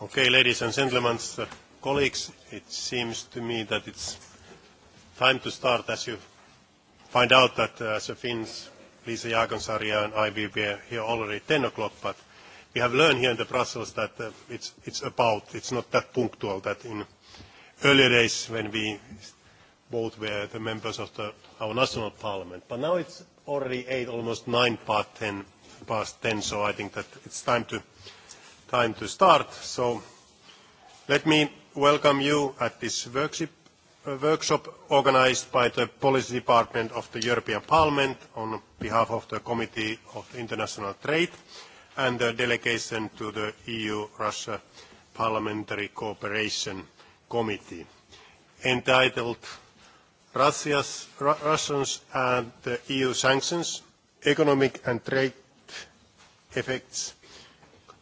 Okay, ladies and gentlemen, colleagues, it seems to me that it's time to start as you find out that as a Finns, Lisa Jaakonsaari and I will here already at 10 o'clock, but we have learned here in the Brussels that it's, it's about, it's not that punctual that in earlier days when we both were the members of the, our national parliament, but now it's already 8, almost 9 past past 10, so I think that it's time to time to start. So let me welcome you at this workshop organized by the Policy Department of the European Parliament on behalf of the Committee of International Trade and the delegation to the EU-Russia Parliamentary Cooperation Committee entitled Russia's Russians and EU Sanctions, Economic and Trade Effects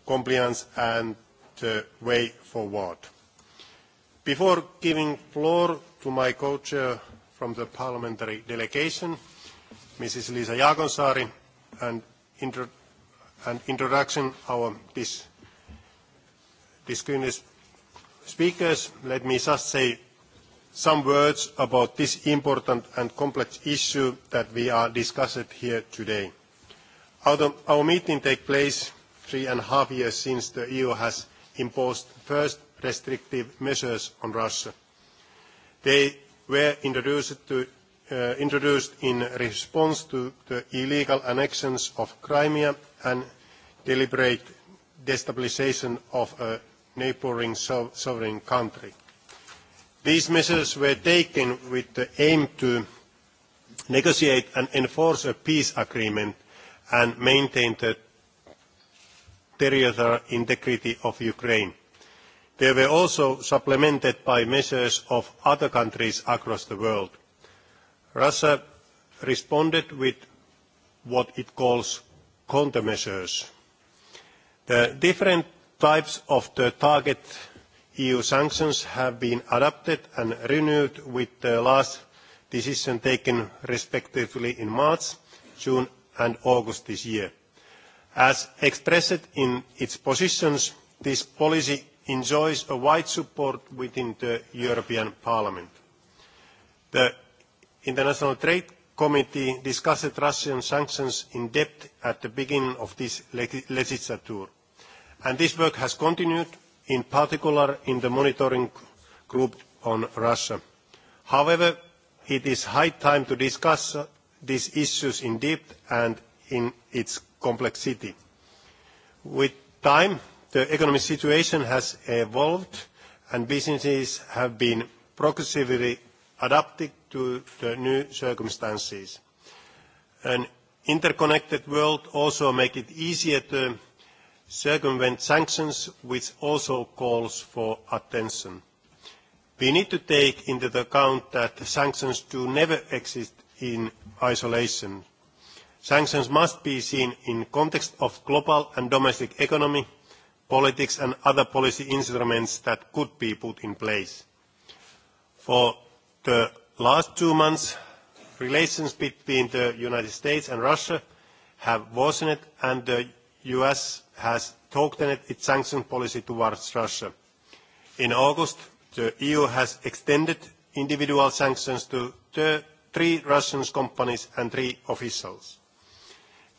compliance and the way forward. Before giving floor to my co-chair from the parliamentary delegation, Mrs. Lisa Jaakonsaari, and introduction our distinguished speakers, let me just say some words about this important and complex issue that we are discussing here today. Our meeting takes place three and a half years since the EU has imposed first restrictive measures on Russia. They were introduced in response to the illegal annexions of Crimea and deliberate destabilisation of a neighbouring sovereign country. These measures were taken with the aim to negotiate and enforce a peace agreement and maintain the territorial integrity of Ukraine. They were also supplemented by measures of other countries across the world. Russia responded with what it calls countermeasures. The different types of the target EU sanctions have been adopted and renewed with the last decision taken respectively in March, June and August this year. As expressed in its positions, this policy enjoys a wide support within the European Parliament. The International Trade Committee discussed Russian sanctions in depth at the beginning of this legislature, and this work has continued, in particular in the monitoring group on Russia. However, it is high time to discuss these issues in depth and in its complexity. With time, the economic situation has evolved and businesses have been progressively adapted to the new circumstances. An interconnected world also makes it easier to circumvent sanctions, which also calls for attention. We need to take into account that sanctions do never exist in isolation. Sanctions must be seen in the context of global and domestic economy, politics and other policy instruments that could be put in place. For the last two months, relations between the United States and Russia have worsened and the US has tightened its sanction policy towards Russia. In August, the EU has extended individual sanctions to three Russian companies and three officials.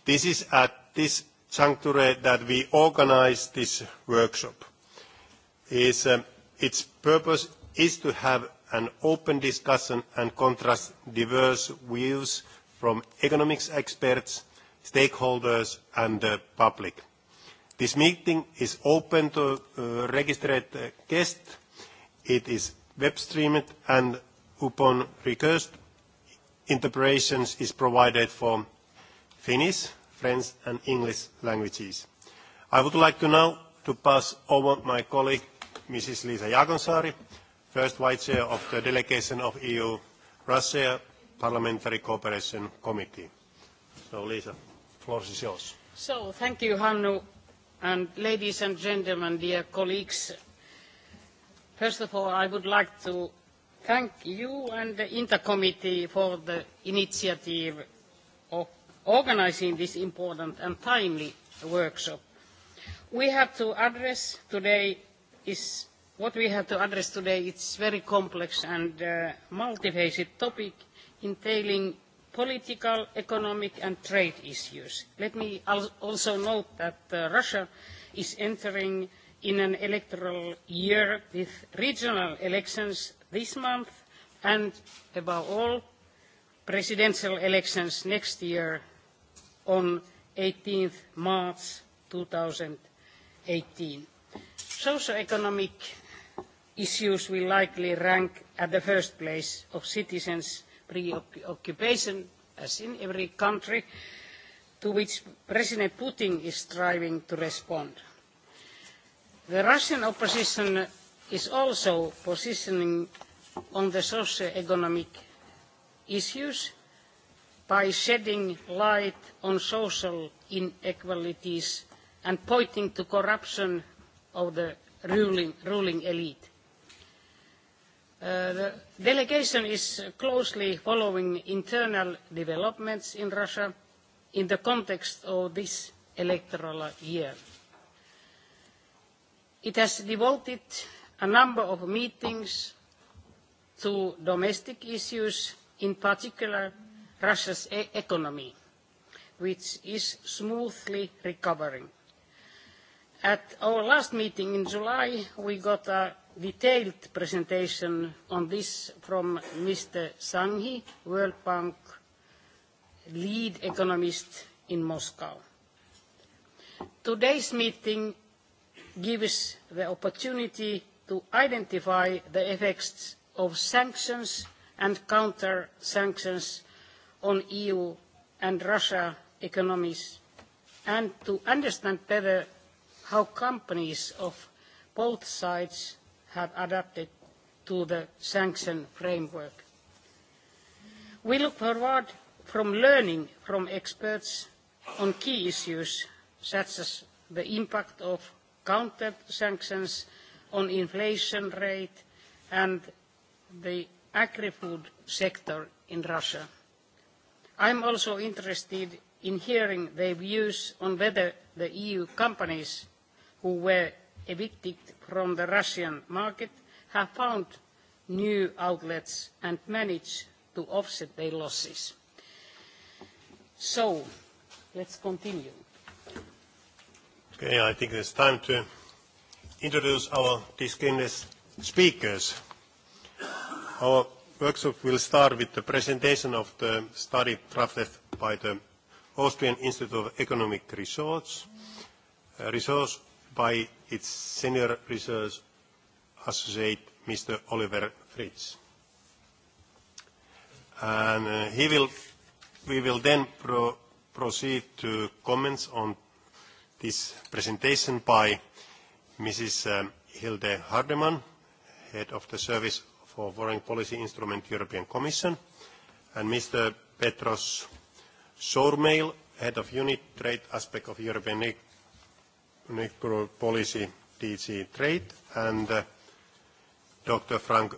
This is at this juncture that we organise this workshop. Its purpose is to have an open discussion and contrast diverse views from economics experts, stakeholders and the public. This meeting is open to registered guests. It is web streamed and upon request interpretations is provided for Finnish, French and English languages. I would like to now to pass over my colleague, Mrs. Lisa Jaakonsaari, first Vice Chair of the Delegation of EU-Russia Parliamentary Cooperation Committee. So, Lisa, the floor is yours. So, thank you, Hannu, and ladies and gentlemen, dear colleagues. First of all, I would like to thank you and the Intercommittee for the initiative organising this important and timely workshop. We have to address today is what we have to address today is very complex and multifaceted topic entailing political, economic and trade issues. Let me also note that Russia is entering in an electoral year with regional elections this month and, above all, presidential elections next year on 18 March 2018. socio-economic issues will likely rank at the first place of citizens' preoccupation, as in every country, to which President Putin is striving to respond. The Russian opposition is also positioning on the socio-economic issues by shedding light on social inequalities and pointing to corruption of the ruling elite. The delegation is closely following internal developments in Russia in the context of this electoral year. It has devoted a number of meetings to domestic issues, in particular Russia's economy, which is smoothly recovering. At our last meeting in July, we got a detailed presentation on this from Mr. Sanghi, World Bank lead economist in Moscow. Today's meeting gives the opportunity to identify the effects of sanctions and counter-sanctions on EU and Russia economies and to understand better how companies of both sides have adapted to the sanction framework. We look forward from learning from experts on key issues such as the impact of counter sanctions on inflation rate and the agri-food sector in Russia. I am also interested in hearing their views on whether the EU companies who were evicted from the Russian market have found new outlets and managed to offset their losses. So, let's continue. Okay, I think it's time to introduce our distinguished speakers workshop will start with the presentation of the study drafted by the Austrian Institute of Economic Research, research by its senior research associate, Mr. Oliver Fritz. And he will, we will then proceed to comments on this presentation by Mrs. Hilde Hardemann, head of the Service for Foreign Policy Instrument European Commission, and Mr. Petros Sourmail, Head of Unit Trade Aspect of European Policy DG Trade, and Dr. Frank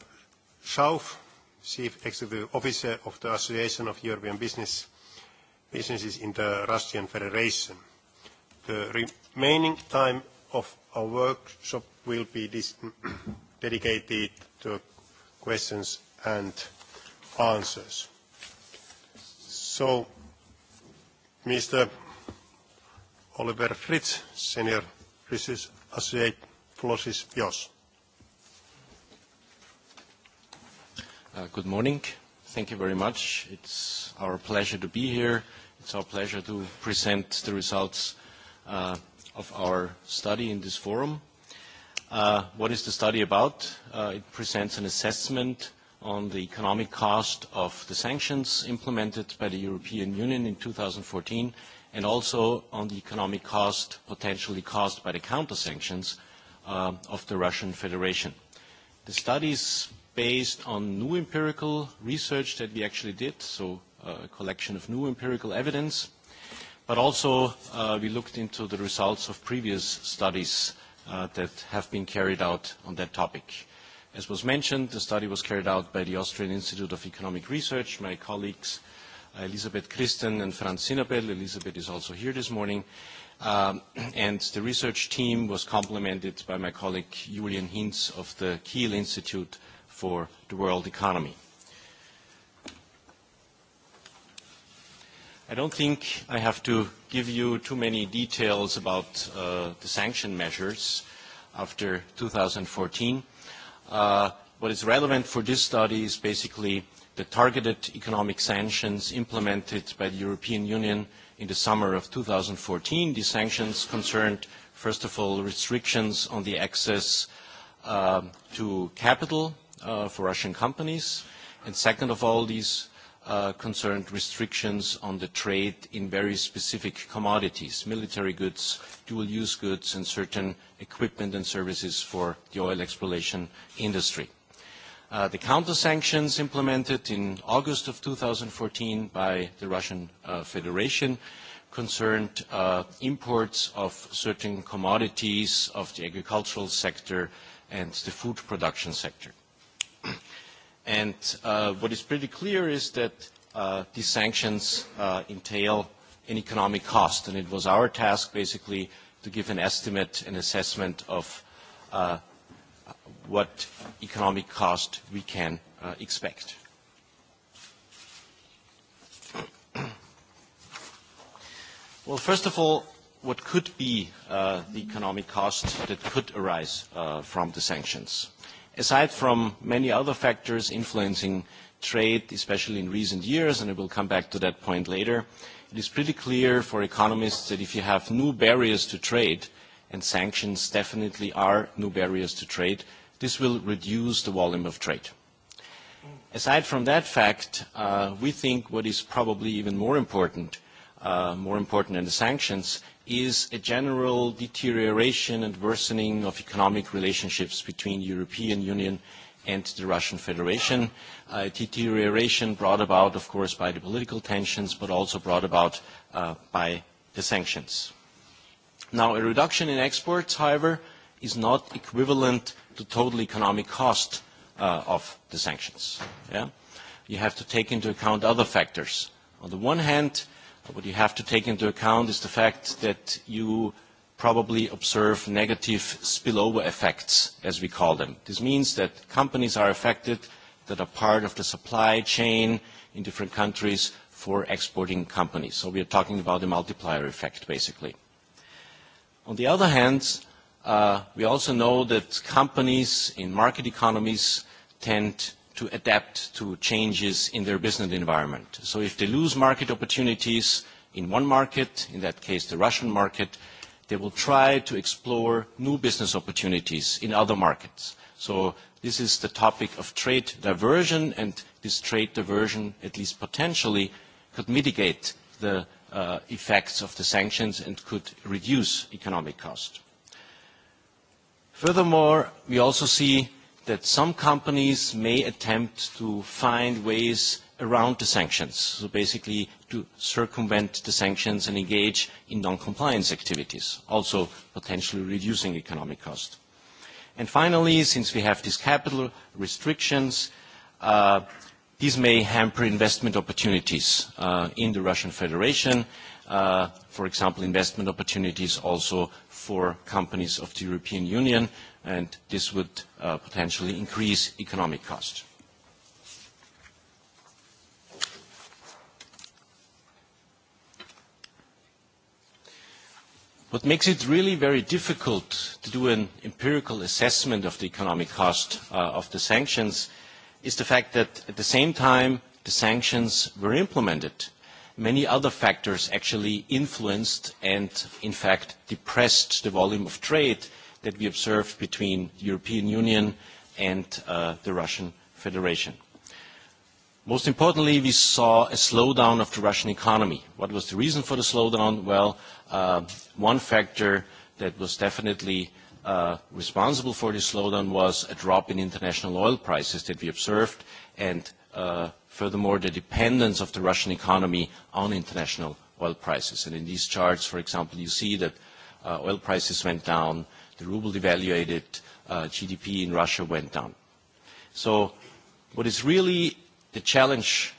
Schauf, Chief Executive Officer of the Association of European business Businesses in the Russian Federation. The remaining time of our workshop will be dedicated to questions and answers. So, Mr. Oliver Fritz, Senior Research Associate, floor is yours. Good morning. Thank you very much. It's our pleasure to be here. It's our pleasure to present the results of our study in this forum. What is the study about? It presents an assessment on the economic cost of the sanctions implemented by the European Union in 2014 and also on the economic cost potentially caused by the counter-sanctions of the Russian Federation. The study is based on new empirical research that we actually did, so a collection of new empirical evidence, but also we looked into the results of previous studies that have been carried out on that topic. As was mentioned, the study was carried out by the Austrian Institute of Economic Research, my colleagues Elisabeth Christen and Franz Sinnabel. Elisabeth is also here this morning. And the research team was complemented by my colleague Julian Hinz of the Kiel Institute for the World Economy. I don't think I have to give you too many details about the sanction measures after 2014. What is relevant for this study is basically the targeted economic sanctions implemented by the European Union in the summer of 2014. These sanctions concerned, first of all, restrictions on the access to capital for Russian companies, and second of all, these concerned restrictions on the trade in very specific commodities, military goods, dual-use goods, and certain equipment and services for the oil exploration industry. The counter-sanctions implemented in August of 2014 by the Russian Federation concerned imports of certain commodities of the agricultural sector and the food production sector. And what is pretty clear is that these sanctions entail an economic cost, and it was our task basically to give an estimate, an assessment of what economic cost we can expect. Well, first of all, what could be the economic cost that could arise from the sanctions? aside from many other factors influencing trade, especially in recent years, and I will come back to that point later, it is pretty clear for economists that if you have new barriers to trade, and sanctions definitely are new barriers to trade, this will reduce the volume of trade. Aside from that fact, we think what is probably even more important, more important than the sanctions, is a general deterioration and worsening of economic relationships between the European Union and the Russian Federation. A deterioration brought about, of course, by the political tensions, but also brought about by the sanctions. Now, a reduction in exports, however, is not equivalent to total economic cost of the sanctions. You have to take into account other factors. On the one hand, What you have to take into account is the fact that you probably observe negative spillover effects, as we call them. This means that companies are affected that are part of the supply chain in different countries for exporting companies. So we are talking about the multiplier effect, basically. On the other hand, we also know that companies in market economies tend to adapt to changes in their business environment. So if they lose market opportunities in one market, in that case the Russian market, they will try to explore new business opportunities in other markets. So this is the topic of trade diversion, and this trade diversion, at least potentially, could mitigate the effects of the sanctions and could reduce economic cost. Furthermore, we also see that some companies may attempt to find ways around the sanctions, so basically to circumvent the sanctions and engage in non-compliance activities, also potentially reducing economic cost. And finally, since we have these capital restrictions, these may hamper investment opportunities in the Russian Federation, for example, investment opportunities also for companies of the European Union, and this would potentially increase economic cost. What makes it really very difficult to do an empirical assessment of the economic cost of the sanctions is the fact that at the same time the sanctions were implemented, many other factors actually influenced and in fact depressed the volume of trade that we observed between the European Union and the Russian Federation. Most importantly, we saw a slowdown of the Russian economy. What was the reason for the slowdown? Well, one factor that was definitely responsible for the slowdown was a drop in international oil prices that we observed, and furthermore, the dependence of the Russian economy on international oil prices. And in these charts, for example, you see that oil prices went down the ruble devaluated, GDP in Russia went down. So what is really the challenge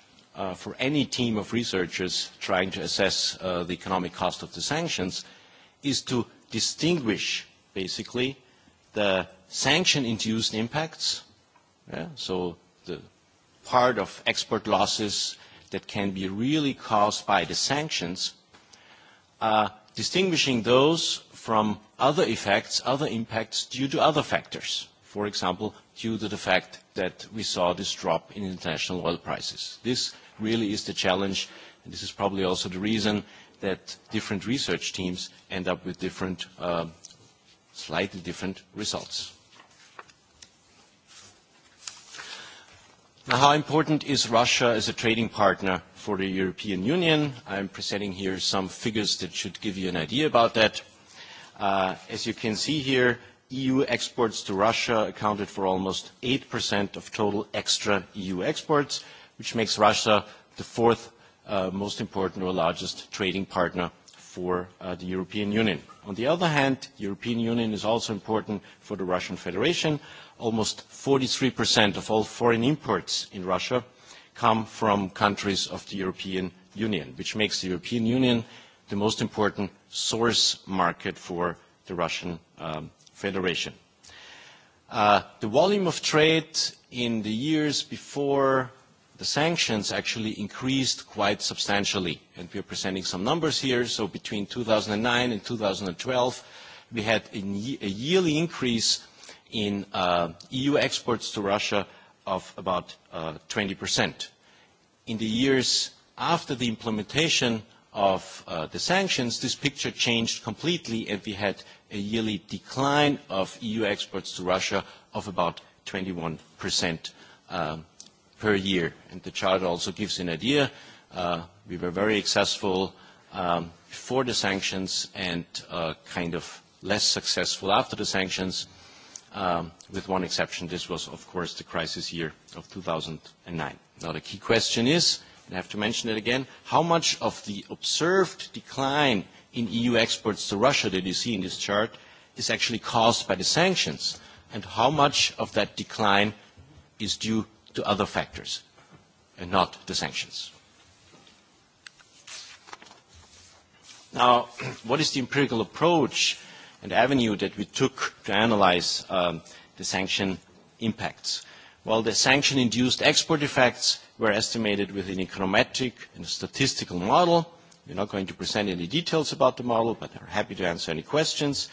for any team of researchers trying to assess the economic cost of the sanctions is to distinguish, basically, the sanction-induced impacts, so the part of export losses that can be really caused by the sanctions, distinguishing those from other effects, other impacts due to other factors. For example, due to the fact that we saw this drop in international oil prices. This really is the challenge, and this is probably also the reason that different research teams end up with different, slightly different results. How important is Russia as a trading partner for the European Union? I'm presenting here some figures that should give you an idea about that. As you can see here, EU exports to Russia accounted for almost 8% of total extra EU exports, which makes Russia the fourth most important or largest trading partner for the European Union. On the other hand, the European Union is also important for the Russian Federation. Almost 43% of all foreign imports in Russia come from countries of the European Union, which makes the European Union the most important source market for the Russian Federation. The volume of trade in the years before the sanctions actually increased quite substantially, and we are presenting some numbers here. So between 2009 and 2012, we had a yearly increase in EU exports to Russia of about 20%. In the years after the implementation of the sanctions, this picture changed completely, and we had a yearly decline of EU exports to Russia of about 21% per year. And the chart also gives an idea. We were very successful before the sanctions and kind of less successful after the sanctions. With one exception, this was, of course, the crisis year of 2009. Now, the key question is, I have to mention it again, how much of the observed decline in EU exports to Russia that you see in this chart is actually caused by the sanctions, and how much of that decline is due to other factors and not the sanctions. Now, what is the empirical approach and avenue that we took to analyze the sanction impacts? while the sanction-induced export effects were estimated with an econometric and statistical model. We're not going to present any details about the model, but are happy to answer any questions.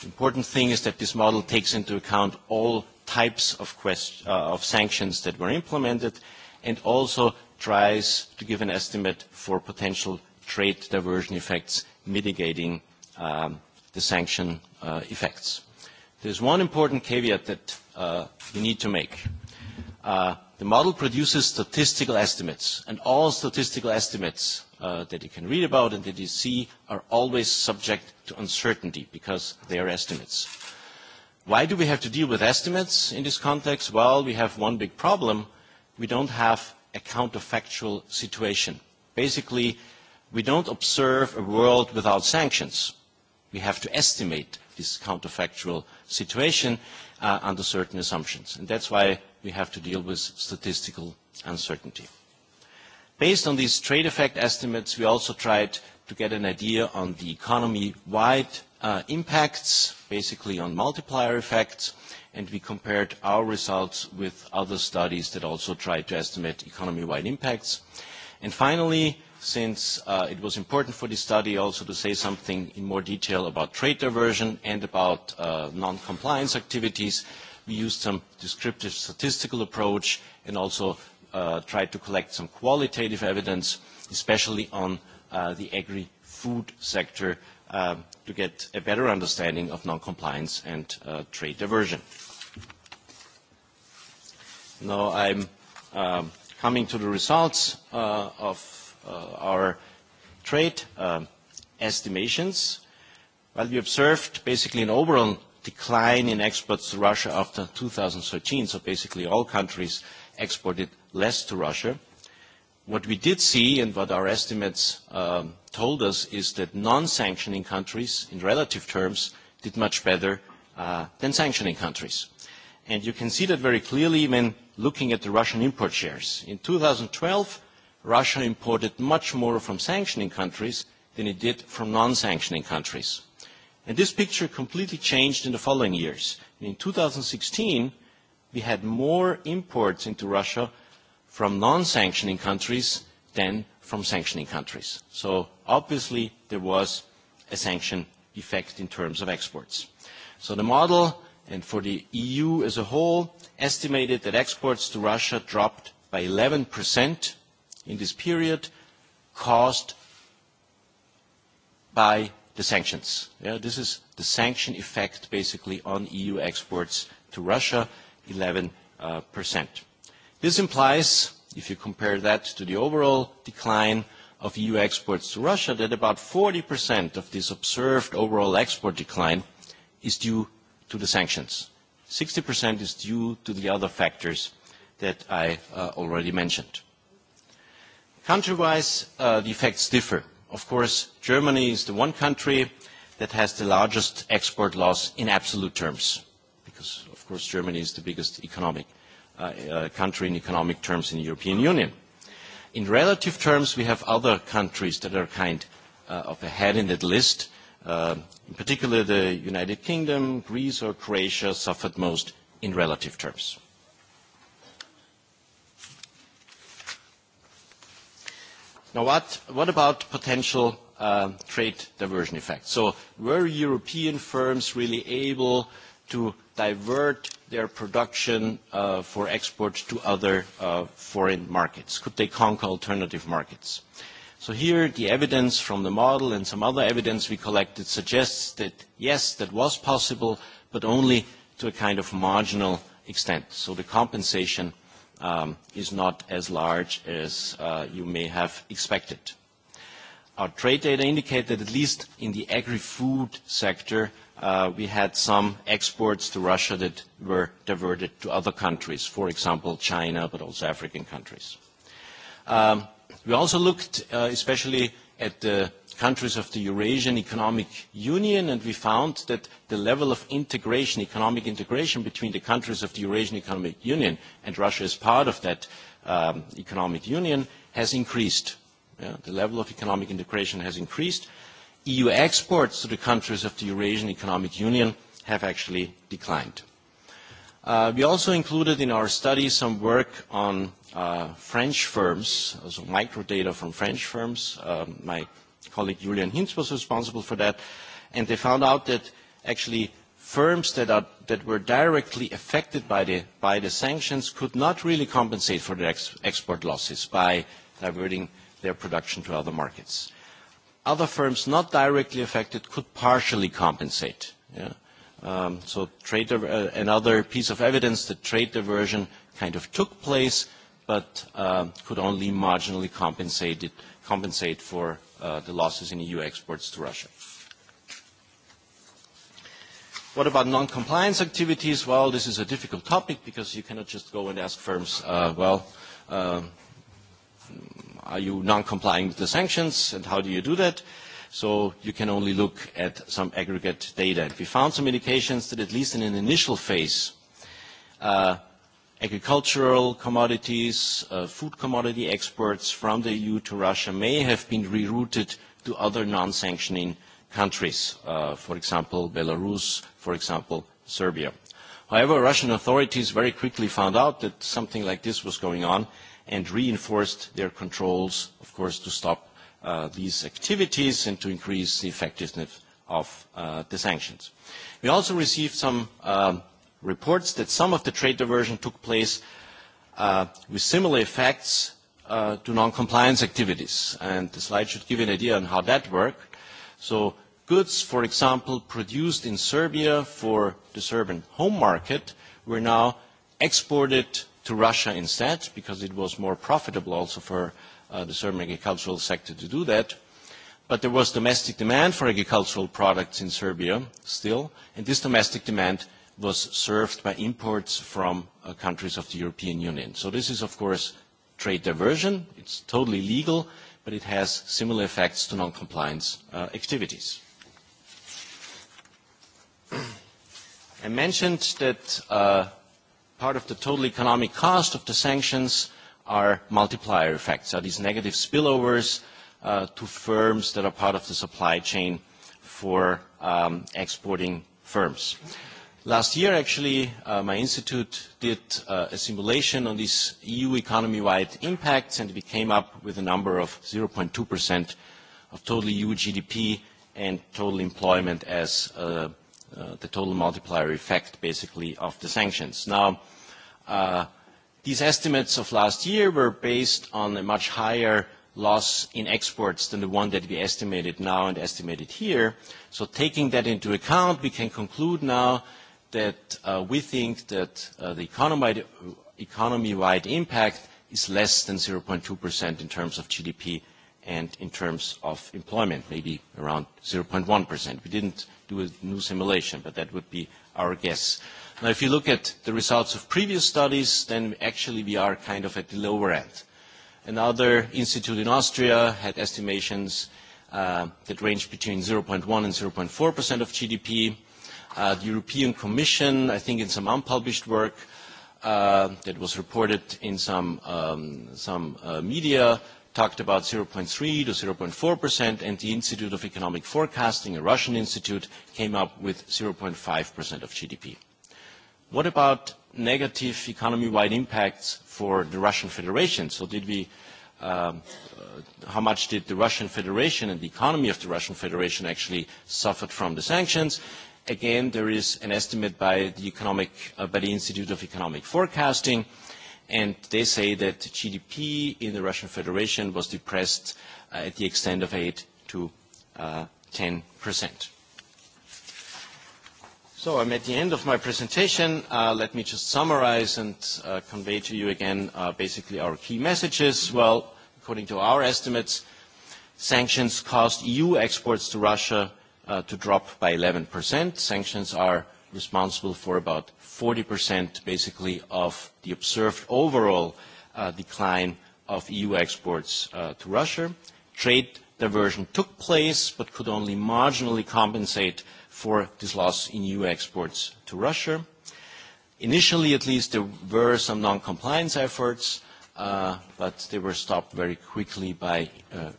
The important thing is that this model takes into account all types of sanctions that were implemented and also tries to give an estimate for potential trade diversion effects mitigating the sanction effects. There's one important caveat that we need to make. The model produces statistical estimates, and all statistical estimates that you can read about and that you see are always subject to uncertainty because they are estimates. Why do we have to deal with estimates in this context? Well, we have one big problem. We don't have a counterfactual situation. Basically, we don't observe a world without sanctions. We have to estimate this counterfactual situation under certain assumptions. And that's why we have to deal with statistical uncertainty. Based on these trade effect estimates, we also tried to get an idea on the economy-wide impacts, basically on multiplier effects, and we compared our results with other studies that also tried to estimate economy-wide impacts. And finally, since it was important for this study also to say something in more detail about trade diversion and about non-compliance activities. We used some descriptive statistical approach and also tried to collect some qualitative evidence, especially on the agri-food sector, to get a better understanding of non-compliance and trade diversion. Now I'm coming to the results of our trade estimations. while we observed basically an overall decline in exports to Russia after 2013, so basically all countries exported less to Russia. What we did see and what our estimates told us is that non-sanctioning countries, in relative terms, did much better than sanctioning countries. And you can see that very clearly when looking at the Russian import shares. In 2012, Russia imported much more from sanctioning countries than it did from non-sanctioning countries. And this picture completely changed in the following years. In 2016, we had more imports into Russia from non-sanctioning countries than from sanctioning countries. So obviously there was a sanction effect in terms of exports. So the model, and for the EU as a whole, estimated that exports to Russia dropped by 11% in this period caused by the sanctions. This is the sanction effect basically on EU exports to Russia, 11%. This implies, if you compare that to the overall decline of EU exports to Russia, that about 40% of this observed overall export decline is due to the sanctions. 60% is due to the other factors that I already mentioned. Country-wise, the effects differ. Of course, Germany is the one country that has the largest export loss in absolute terms, because, of course, Germany is the biggest economic country in economic terms in the European Union. In relative terms, we have other countries that are kind of ahead in that list. In particular, the United Kingdom, Greece, or Croatia suffered most in relative terms. Now, what about potential trade diversion effects? So were European firms really able to divert their production for export to other foreign markets? Could they conquer alternative markets? So here the evidence from the model and some other evidence we collected suggests that, yes, that was possible, but only to a kind of marginal extent. So the compensation is not as large as you may have expected. Our trade data indicate that at least in the agri-food sector, we had some exports to Russia that were diverted to other countries, for example, China, but also African countries. We also looked especially at the countries of the Eurasian Economic Union, and we found that the level of integration, economic integration between the countries of the Eurasian Economic Union, and Russia as part of that economic union, has increased. The level of economic integration has increased. EU exports to the countries of the Eurasian Economic Union have actually declined. We also included in our study some work on French firms, also microdata from French firms. My colleague Julian Hinz was responsible for that, and they found out that actually firms that that were directly affected by the by the sanctions could not really compensate for their export losses by diverting their production to other markets. Other firms not directly affected could partially compensate. So trade another piece of evidence that trade diversion kind of took place, but could only marginally compensate for the losses in EU exports to Russia. What about non-compliance activities? Well, this is a difficult topic because you cannot just go and ask firms, well, are you non-complying with the sanctions and how do you do that? So you can only look at some aggregate data. We found some indications that at least in an initial phase, agricultural commodities, food commodity exports from the EU to Russia may have been rerouted to other non-sanctioning countries, for example, Belarus, for example, Serbia. However, Russian authorities very quickly found out that something like this was going on and reinforced their controls, of course, to stop these activities and to increase the effectiveness of the sanctions. We also received some reports that some of the trade diversion took place with similar effects to non-compliance activities. And the slide should give you an idea on how that worked. So goods, for example, produced in Serbia for the Serbian home market were now exported to Russia instead because it was more profitable also for the Serbian agricultural sector to do that. But there was domestic demand for agricultural products in Serbia still, and this domestic demand was served by imports from countries of the European Union. So this is, of course, trade diversion. It's totally legal, but it has similar effects to non-compliance activities. I mentioned that part of the total economic cost of the sanctions are multiplier effects, are these negative spillovers to firms that are part of the supply chain for exporting firms. Last year, actually, my institute did a simulation on these EU economy-wide impacts, and we came up with a number of 0.2% of total EU GDP and total employment as the total multiplier effect, basically, of the sanctions. Now, these estimates of last year were based on a much higher loss in exports than the one that we estimated now and estimated here. So taking that into account, we can conclude now that we think that the economy-wide impact is less than 0.2% in terms of GDP and in terms of employment, maybe around 0.1%. We didn't do a new simulation, but that would be our guess. Now, if you look at the results of previous studies, then actually we are kind of at the lower end. Another institute in Austria had estimations that ranged between 0.1% and 0.4% of GDP the European Commission, I think in some unpublished work that was reported in some some media, talked about 0.3 to 0.4%, and the Institute of Economic Forecasting, a Russian institute, came up with 0.5% of GDP. What about negative economy-wide impacts for the Russian Federation? So did we, how much did the Russian Federation and the economy of the Russian Federation actually suffered from the sanctions? Again, there is an estimate by the Institute of Economic Forecasting, and they say that GDP in the Russian Federation was depressed at the extent of 8 to 10%. So I'm at the end of my presentation. Let me just summarize and convey to you again basically our key messages. Well, according to our estimates, sanctions cost EU exports to Russia to drop by 11%. Sanctions are responsible for about 40% basically of the observed overall decline of EU exports to Russia. Trade diversion took place but could only marginally compensate for this loss in EU exports to Russia. Initially, at least, there were some non-compliance efforts, but they were stopped very quickly by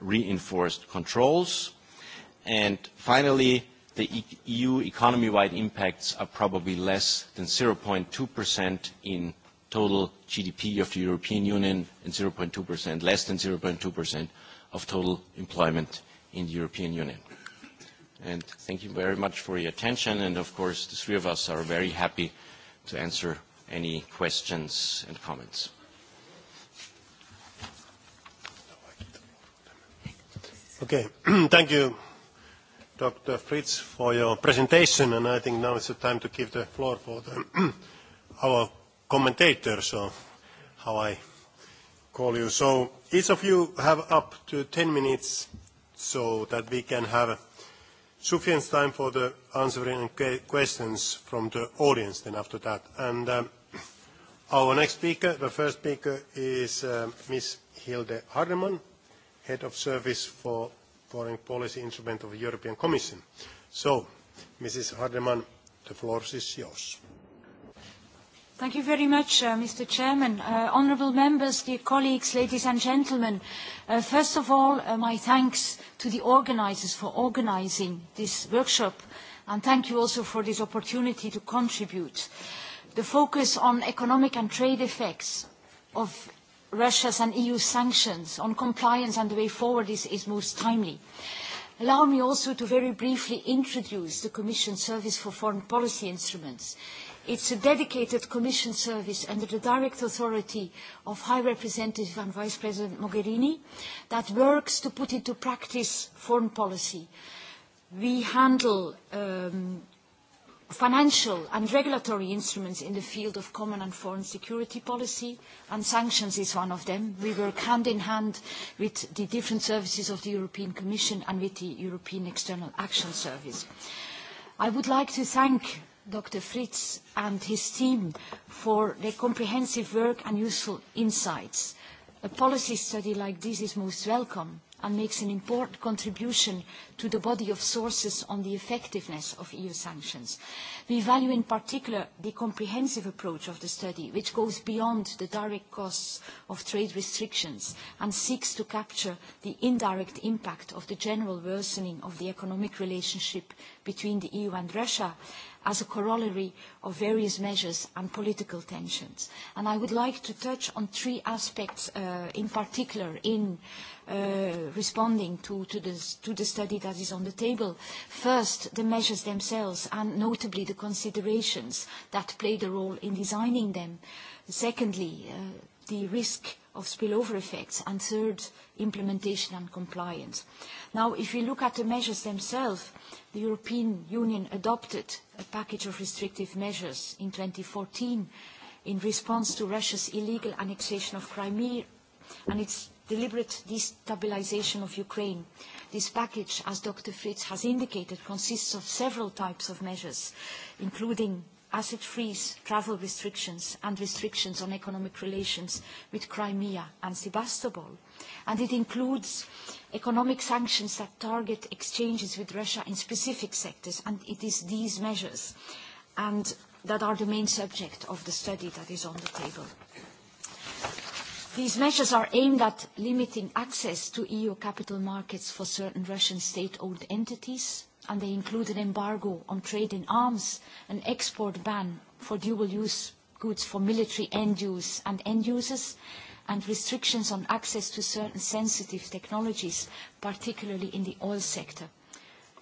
reinforced controls. And finally, the EU economy-wide impacts are probably less than 0.2% in total GDP of the European Union and 0.2%, less than 0.2% of total employment in the European Union. And thank you very much for your attention. And of course, the three of us are very happy to answer any questions and comments. Okay, thank you Dr. Fritz, for your presentation, and I think now it's the time to give the floor for our commentators, or how I call you. So each of you have up to 10 minutes so that we can have sufficient time for the answering questions from the audience then after that. And our next speaker, the first speaker, is Ms. Hilde Hardeman, Head of Service for foreign policy instrument of the European Commission. So, Mrs. Hardeman, the floor is yours. Thank you very much, Mr. Chairman. Honourable members, dear colleagues, ladies and gentlemen, first of all, my thanks to the organisers for organising this workshop, and thank you also for this opportunity to contribute. The focus on economic and trade effects of Russia's and EU sanctions on compliance and the way forward is most timely. Allow me also to very briefly introduce the Commission Service for Foreign Policy Instruments. It's a dedicated Commission service under the direct authority of High Representative and Vice President Mogherini that works to put into practice foreign policy. We handle financial and regulatory instruments in the field of common and foreign security policy, and sanctions is one of them. We work hand in hand with the different services of the European Commission and with the European External Action Service. I would like to thank Dr. Fritz and his team for their comprehensive work and useful insights. A policy study like this is most welcome and makes an important contribution to the body of sources on the effectiveness of EU sanctions. We value in particular the comprehensive approach of the study, which goes beyond the direct costs of trade restrictions and seeks to capture the indirect impact of the general worsening of the economic relationship between the EU and Russia as a corollary of various measures and political tensions. And I would like to touch on three aspects in particular in responding to the study that is on the table. First, the measures themselves and notably the considerations that played a role in designing them. Secondly, the risk of spillover effects, and third, implementation and compliance. Now, if we look at the measures themselves, the European Union adopted a package of restrictive measures in 2014 in response to Russia's illegal annexation of Crimea, and it's deliberate destabilisation of Ukraine. This package, as Dr. Fritz has indicated, consists of several types of measures, including asset freeze, travel restrictions, and restrictions on economic relations with Crimea and Sebastopol. And it includes economic sanctions that target exchanges with Russia in specific sectors, and it is these measures and that are the main subject of the study that is on the table. These measures are aimed at limiting access to EU capital markets for certain Russian state-owned entities, and they include an embargo on trade in arms, an export ban for dual-use goods for military end-use and end-users, and restrictions on access to certain sensitive technologies, particularly in the oil sector.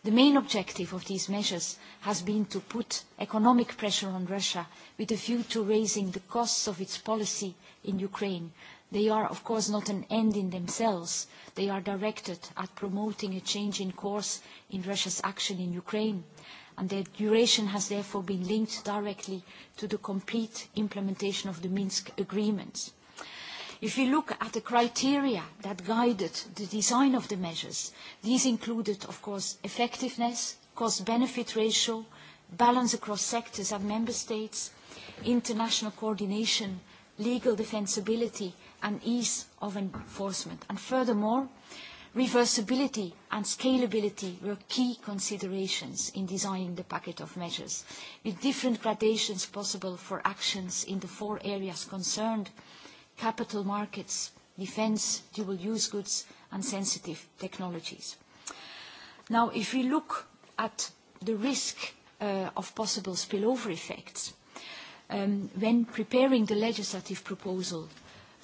The main objective of these measures has been to put economic pressure on Russia with a view to raising the costs of its policy in Ukraine They are, of course, not an end in themselves. They are directed at promoting a change in course in Russia's action in Ukraine, and their duration has therefore been linked directly to the complete implementation of the Minsk Agreement. If you look at the criteria that guided the design of the measures, these included, of course, effectiveness, cost-benefit ratio, balance across sectors and member states, international coordination, legal defensibility and ease of enforcement. And furthermore, reversibility and scalability were key considerations in designing the packet of measures, with different gradations possible for actions in the four areas concerned, capital markets, defence, dual-use goods, and sensitive technologies. Now, if we look at the risk of possible spillover effects, when preparing the legislative proposal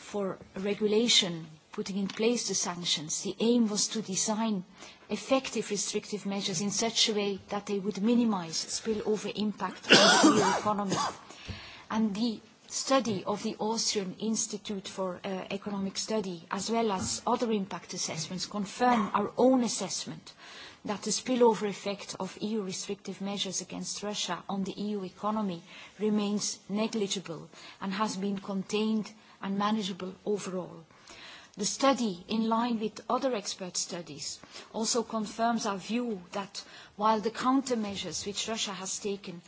for regulation, putting in place the sanctions, the aim was to design effective restrictive measures in such a way that they would minimize spillover impact on the EU economy. And the study of the Austrian Institute for Economic Study, as well as other impact assessments, confirm our own assessment that the spillover effect of EU restrictive measures against Russia on the EU economy remains negligible and has been contained and manageable overall. The study, in line with other expert studies, also confirms our view that while the countermeasures which Russia has taken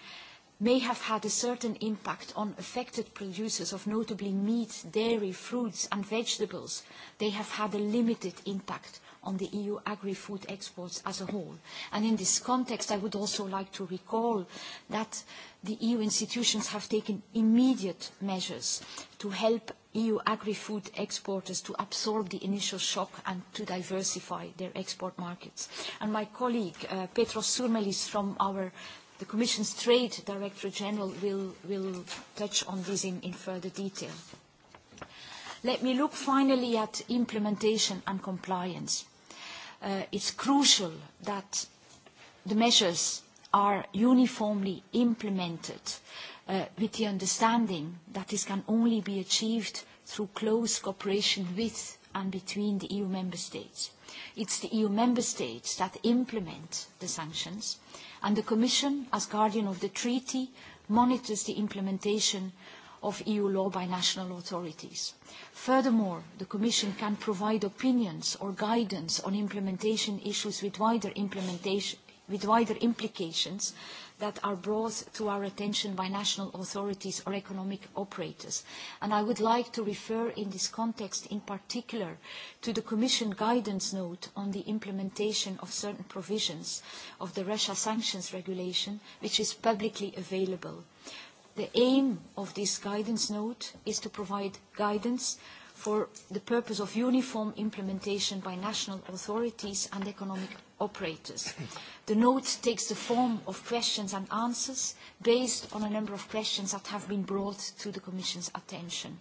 may have had a certain impact on affected producers of notably meat, dairy, fruits and vegetables, they have had a limited impact on the EU agri-food exports as a whole. And in this context, I would also like to recall that the EU institutions have taken immediate measures to help EU agri-food exporters to absorb the initial shock and to diversify their export markets. And my colleague, Petros Surmelis from our the Commission's Trade Director General will touch on this in further detail. Let me look finally at implementation and compliance. It's crucial that the measures are uniformly implemented with the understanding that this can only be achieved through close cooperation with and between the EU member states. It's the EU member states that implement the sanctions, and the Commission, as guardian of the treaty, monitors the implementation of EU law by national authorities. Furthermore, the Commission can provide opinions or guidance on implementation issues with wider implications that are brought to our attention by national authorities or economic operators. And I would like to refer in this context in particular to the Commission guidance note on the implementation of certain provisions of the Russia sanctions regulation, which is publicly available. The aim of this guidance note is to provide guidance for the purpose of uniform implementation by national authorities and economic operators. The note takes the form of questions and answers based on a number of questions that have been brought to the Commission's attention.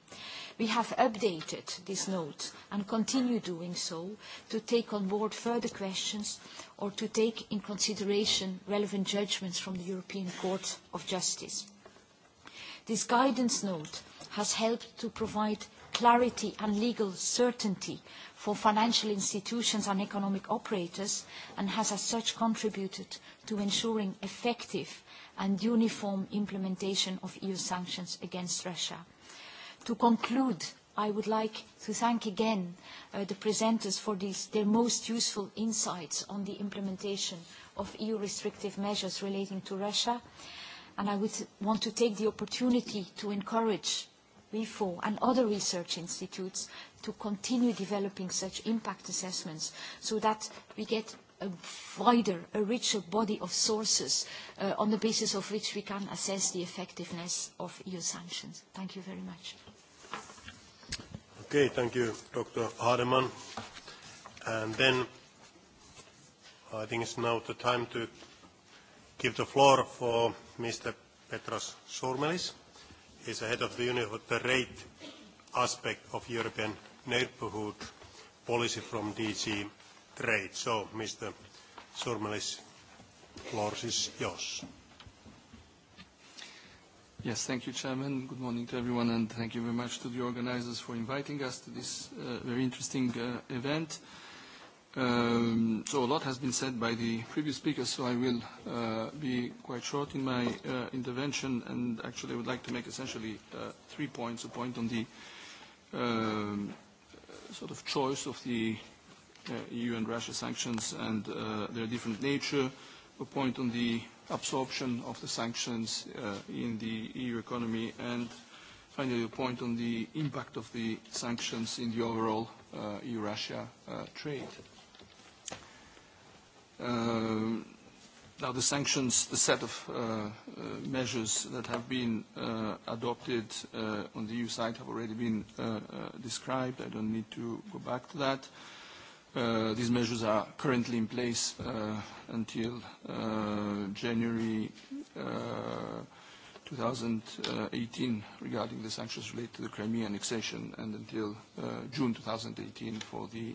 We have updated this note and continue doing so to take on board further questions or to take in consideration relevant judgments from the European Court of Justice. This guidance note has helped to provide clarity and legal certainty for financial institutions and economic operators and has as such contributed to ensuring effective and uniform implementation of EU sanctions against Russia. To conclude, I would like to thank again the presenters for their most useful insights on the implementation of EU restrictive measures relating to Russia, and I would want to take the opportunity to encourage RIFO, and other research institutes to continue developing such impact assessments so that we get a wider, a richer body of sources on the basis of which we can assess the effectiveness of EU sanctions. Thank you very much. Okay, thank you, Dr. Hardeman. And then I think it's now the time to give the floor for Mr. Petras Sormelis is ahead of the Union of the rate aspect of European neighborhood policy from DG Trade. So, Mr. Surmelis, floor is yours. Yes, thank you, Chairman. Good morning to everyone, and thank you very much to the organizers for inviting us to this very interesting event. So a lot has been said by the previous speakers, so I will be quite short in my intervention, and actually I would like to make essentially three points. A point on the sort of choice of the EU and Russia sanctions and their different nature. A point on the absorption of the sanctions in the EU economy, and finally a point on the impact of the sanctions in the overall EU-Russia trade. Now, the sanctions, the set of measures that have been adopted on the EU side have already been described. I don't need to go back to that. These measures are currently in place until January 2018 regarding the sanctions related to the Crimea annexation and until June 2018 for the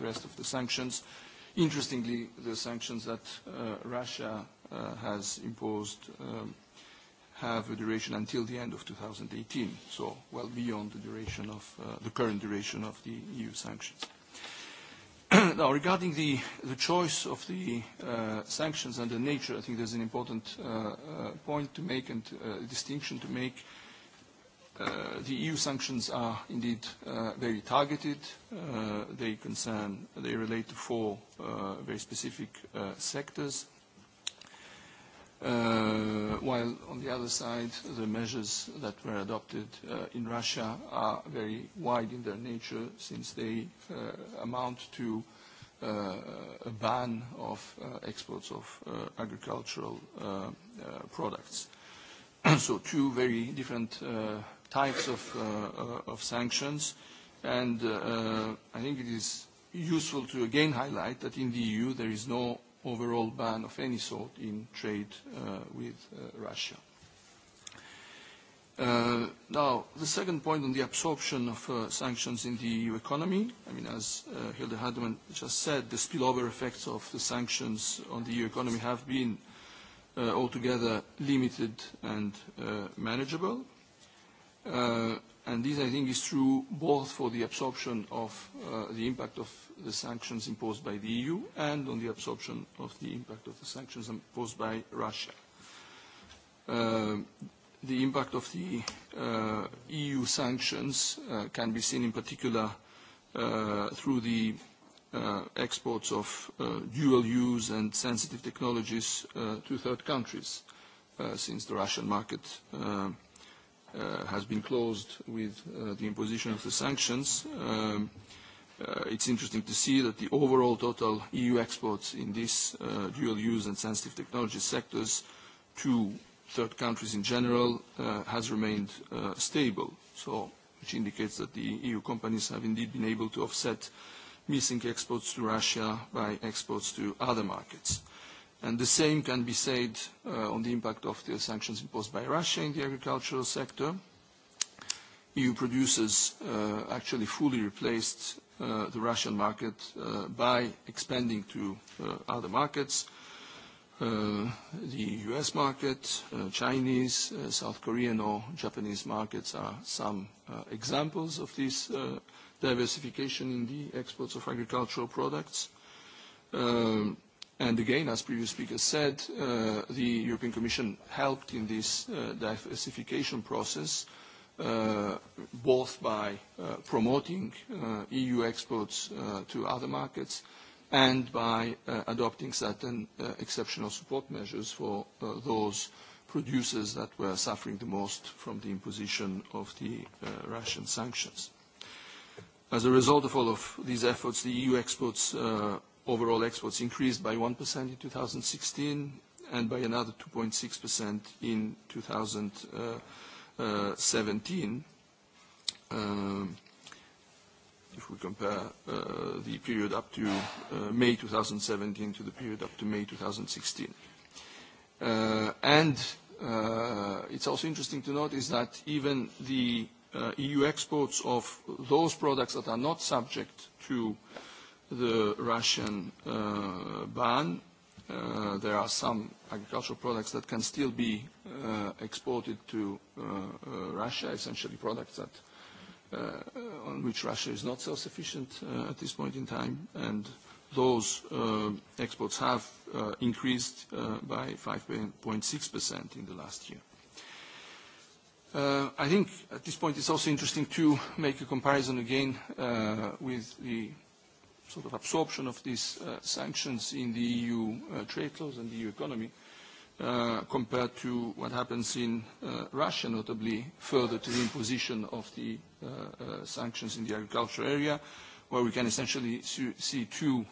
rest of the sanctions. Interestingly, the sanctions that Russia has imposed have a duration until the end of 2018, so well beyond the duration of the current duration of the EU sanctions. Now, regarding the the choice of the sanctions and the nature, I think there's an important point to make and a distinction to make The EU sanctions are indeed very targeted. They concern, they relate to four very specific sectors. While on the other side, the measures that were adopted in Russia are very wide in their nature, since they amount to a ban of exports of agricultural products. So two very different types of sanctions. And I think it is useful to again highlight that in the EU there is no overall ban of any sort in trade with Russia. Now, the second point on the absorption of sanctions in the EU economy. I mean, as Hilde Hardeman just said, the spillover effects of the sanctions on the EU economy have been altogether limited and manageable. And this, I think, is true both for the absorption of the impact of the sanctions imposed by the EU and on the absorption of the impact of the sanctions imposed by Russia. The impact of the EU sanctions can be seen in particular through the exports of dual-use and sensitive technologies to third countries, since the Russian market has been closed with the imposition of the sanctions, it's interesting to see that the overall total EU exports in these dual-use and sensitive technology sectors to third countries in general has remained stable, so which indicates that the EU companies have indeed been able to offset missing exports to Russia by exports to other markets. And the same can be said on the impact of the sanctions imposed by Russia in the agricultural sector. EU producers actually fully replaced the Russian market by expanding to other markets, the US market, Chinese, South Korean or Japanese markets are some examples of this diversification in the exports of agricultural products. And again, as previous speakers said, the European Commission helped in this diversification process, both by promoting EU exports to other markets and by adopting certain exceptional support measures for those producers that were suffering the most from the imposition of the Russian sanctions. As a result of all of these efforts, the EU exports Overall exports increased by 1% in 2016 and by another 2.6% in 2017. If we compare the period up to May 2017 to the period up to May 2016. And it's also interesting to notice that even the EU exports of those products that are not subject to the Russian ban. There are some agricultural products that can still be exported to Russia, essentially products that on which Russia is not self-sufficient at this point in time, and those exports have increased by 5.6% in the last year. I think at this point it's also interesting to make a comparison again with the sort of absorption of these sanctions in the EU trade flows and the EU economy compared to what happens in Russia, notably further to the imposition of the sanctions in the agricultural area, where we can essentially see two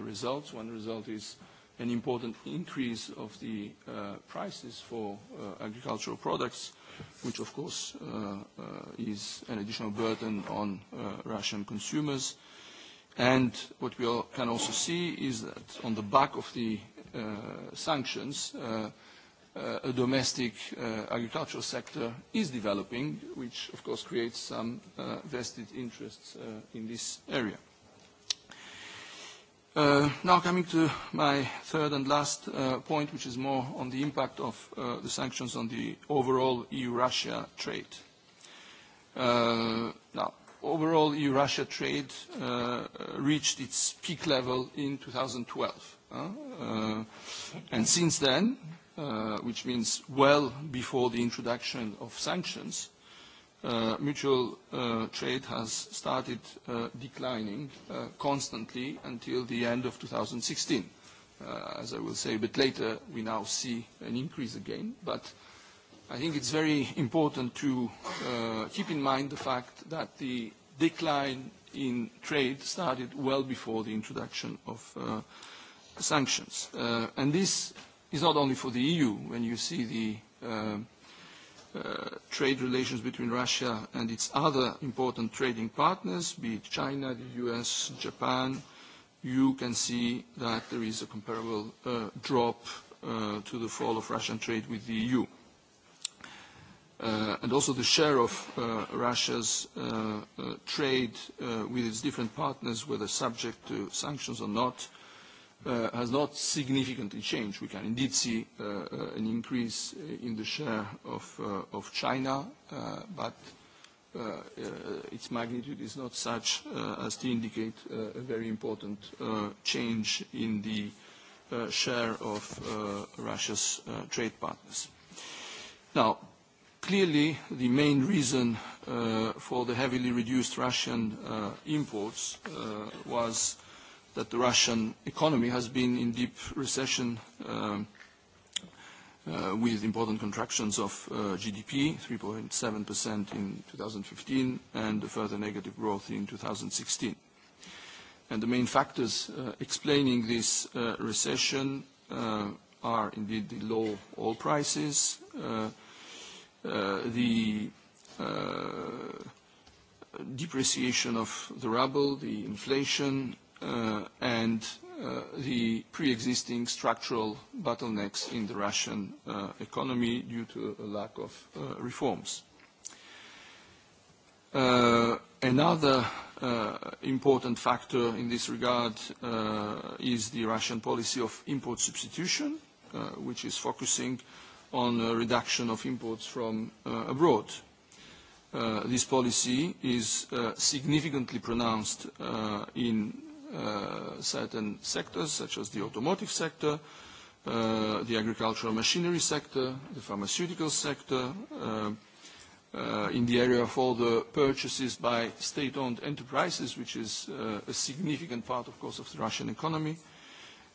results. One result is an important increase of the prices for agricultural products, which of course is an additional burden on Russian consumers. And what we can also see is that on the back of the sanctions, a domestic agricultural sector is developing, which of course creates some vested interests in this area. Now coming to my third and last point, which is more on the impact of the sanctions on the overall EU-Russia trade. Now, overall EU-Russia trade reached its peak level in 2012. And since then, which means well before the introduction of sanctions, mutual trade has started declining constantly until the end of 2016. As I will say a bit later, we now see an increase again, but I think it's very important to keep in mind the fact that the decline in trade started well before the introduction of sanctions. And this is not only for the EU. When you see the trade relations between Russia and its other important trading partners, be it China, the US, Japan, you can see that there is a comparable drop to the fall of Russian trade with the EU and also the share of Russia's trade with its different partners, whether subject to sanctions or not, has not significantly changed. We can indeed see an increase in the share of China, but its magnitude is not such as to indicate a very important change in the share of Russia's trade partners. Now, Clearly, the main reason for the heavily reduced Russian imports was that the Russian economy has been in deep recession with important contractions of GDP, 3.7% in 2015 and a further negative growth in 2016. And the main factors explaining this recession are indeed the low oil prices, the depreciation of the ruble, the inflation, and the pre-existing structural bottlenecks in the Russian economy due to a lack of reforms. Another important factor in this regard is the Russian policy of import substitution, which is focusing on reduction of imports from abroad. This policy is significantly pronounced in certain sectors, such as the automotive sector, the agricultural machinery sector, the pharmaceutical sector, in the area of all the purchases by state-owned enterprises, which is a significant part, of course, of the Russian economy,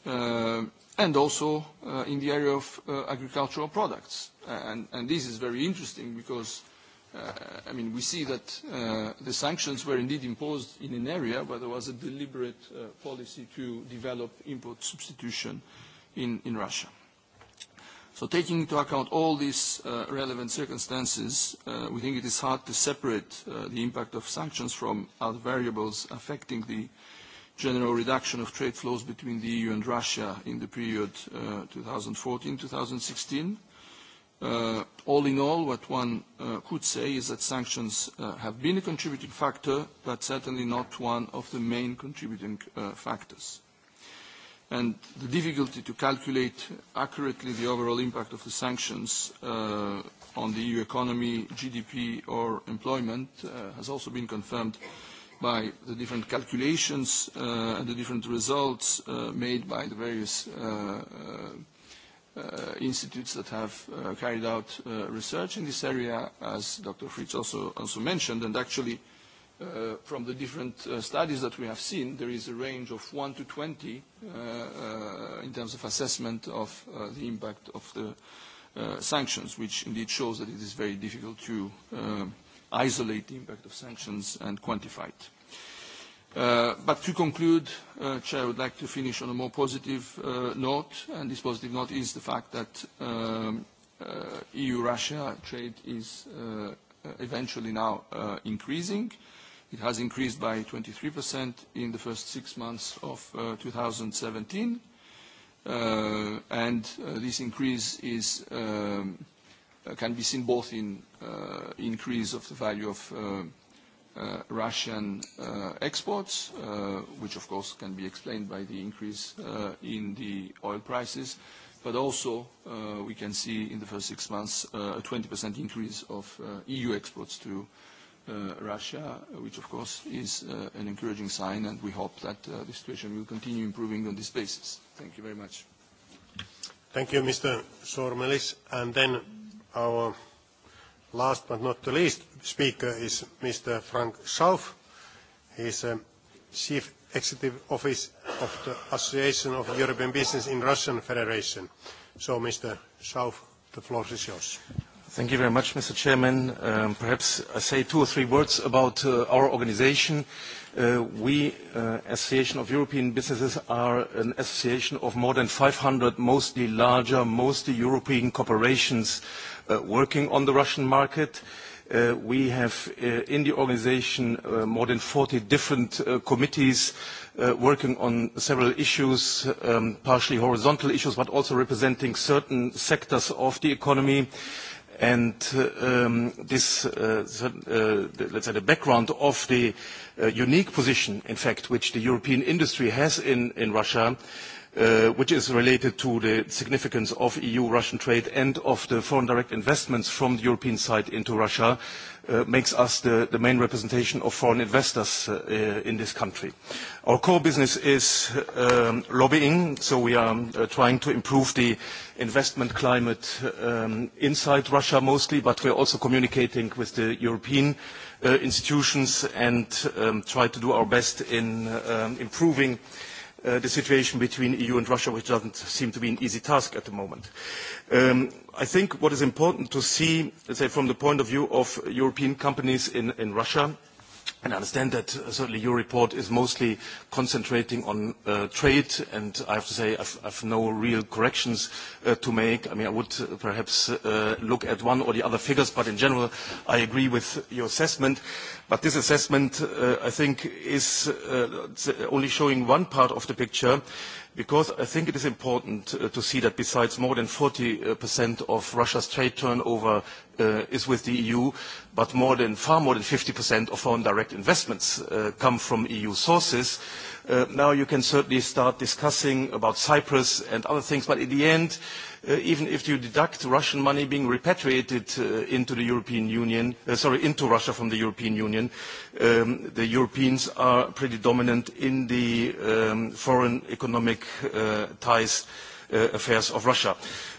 and also in the area of agricultural products. And this is very interesting because, I mean, we see that the sanctions were indeed imposed in an area where there was a deliberate policy to develop import substitution in Russia. So taking into account all these relevant circumstances, we think it is hard to separate the impact of sanctions from other variables affecting the general reduction of trade flows between the EU and Russia in the period 2014-2016. All in all, what one could say is that sanctions have been a contributing factor, but certainly not one of the main contributing factors. And the difficulty to calculate accurately the overall impact of the sanctions on the EU economy, GDP or employment has also been confirmed by the different calculations and the different results made by the various institutes that have carried out research in this area, as Dr. Fritz also mentioned. And actually, from the different studies that we have seen, there is a range of 1 to 20 in terms of assessment of the impact of the sanctions, which indeed shows that it is very difficult to isolate the impact of sanctions and quantify it. But to conclude, Chair, I would like to finish on a more positive note, and this positive note is the fact that EU-Russia trade is eventually now increasing. It has increased by 23% in the first six months of 2017, and this increase is can be seen both in increase of the value of Russian exports, which of course can be explained by the increase in the oil prices, but also we can see in the first six months a 20% increase of EU exports to Russia, which of course is an encouraging sign, and we hope that the situation will continue improving on this basis. Thank you very much. Thank you, Mr. Sormelis. Our last but not the least speaker is Mr. Frank Schauf. He is Chief Executive Office of the Association of European Business in Russian Federation. So, Mr. Schauf, the floor is yours. Thank you very much, Mr. Chairman. Perhaps I say two or three words about our organization. We, Association of European Businesses, are an association of more than 500 mostly larger, mostly European corporations working on the Russian market. We have in the organization more than 40 different committees working on several issues, partially horizontal issues, but also representing certain sectors of the economy. And this, let's say, the background of the unique position, in fact, which the European industry has in Russia, which is related to the significance of EU-Russian trade and of the foreign direct investments from the European side into Russia, makes us the main representation of foreign investors in this country. Our core business is lobbying, so we are trying to improve the investment climate inside Russia mostly, but we are also communicating with the European institutions and try to do our best in improving the situation between EU and Russia, which doesn't seem to be an easy task at the moment. I think what is important to see, let's say, from the point of view of European companies in Russia I understand that certainly your report is mostly concentrating on trade, and I have to say I have no real corrections to make. I mean, I would perhaps look at one or the other figures, but in general I agree with your assessment. But this assessment, I think, is only showing one part of the picture, because I think it is important to see that besides more than 40% of Russia's trade turnover is with the EU, but far more than 50% of foreign direct investments come from EU sources. Now you can certainly start discussing about Cyprus and other things, but in the end, even if you deduct Russian money being repatriated into the European Union, sorry, into Russia from the European Union, the Europeans are pretty dominant in the foreign economic ties affairs of Russia.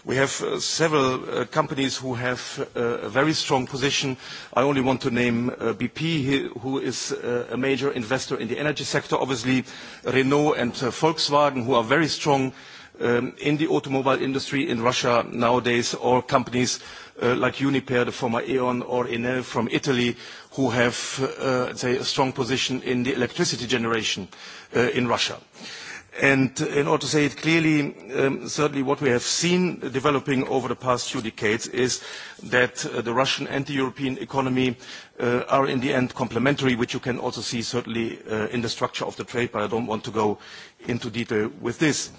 We have several companies who have a very strong position. I only want to name BP, who is a major investor in the energy sector, obviously Renault and Volkswagen, who are very strong in the automobile industry in Russia nowadays, or companies like Uniper, the former E.ON, or Enel from Italy, who have, say, a strong position in the electricity generation in Russia. And in order to say it clearly, certainly what we have seen developing over the past few decades is that the Russian and the European economy are in the end complementary, which you can also see certainly in the structure of the trade, but I don't want to go into detail with this.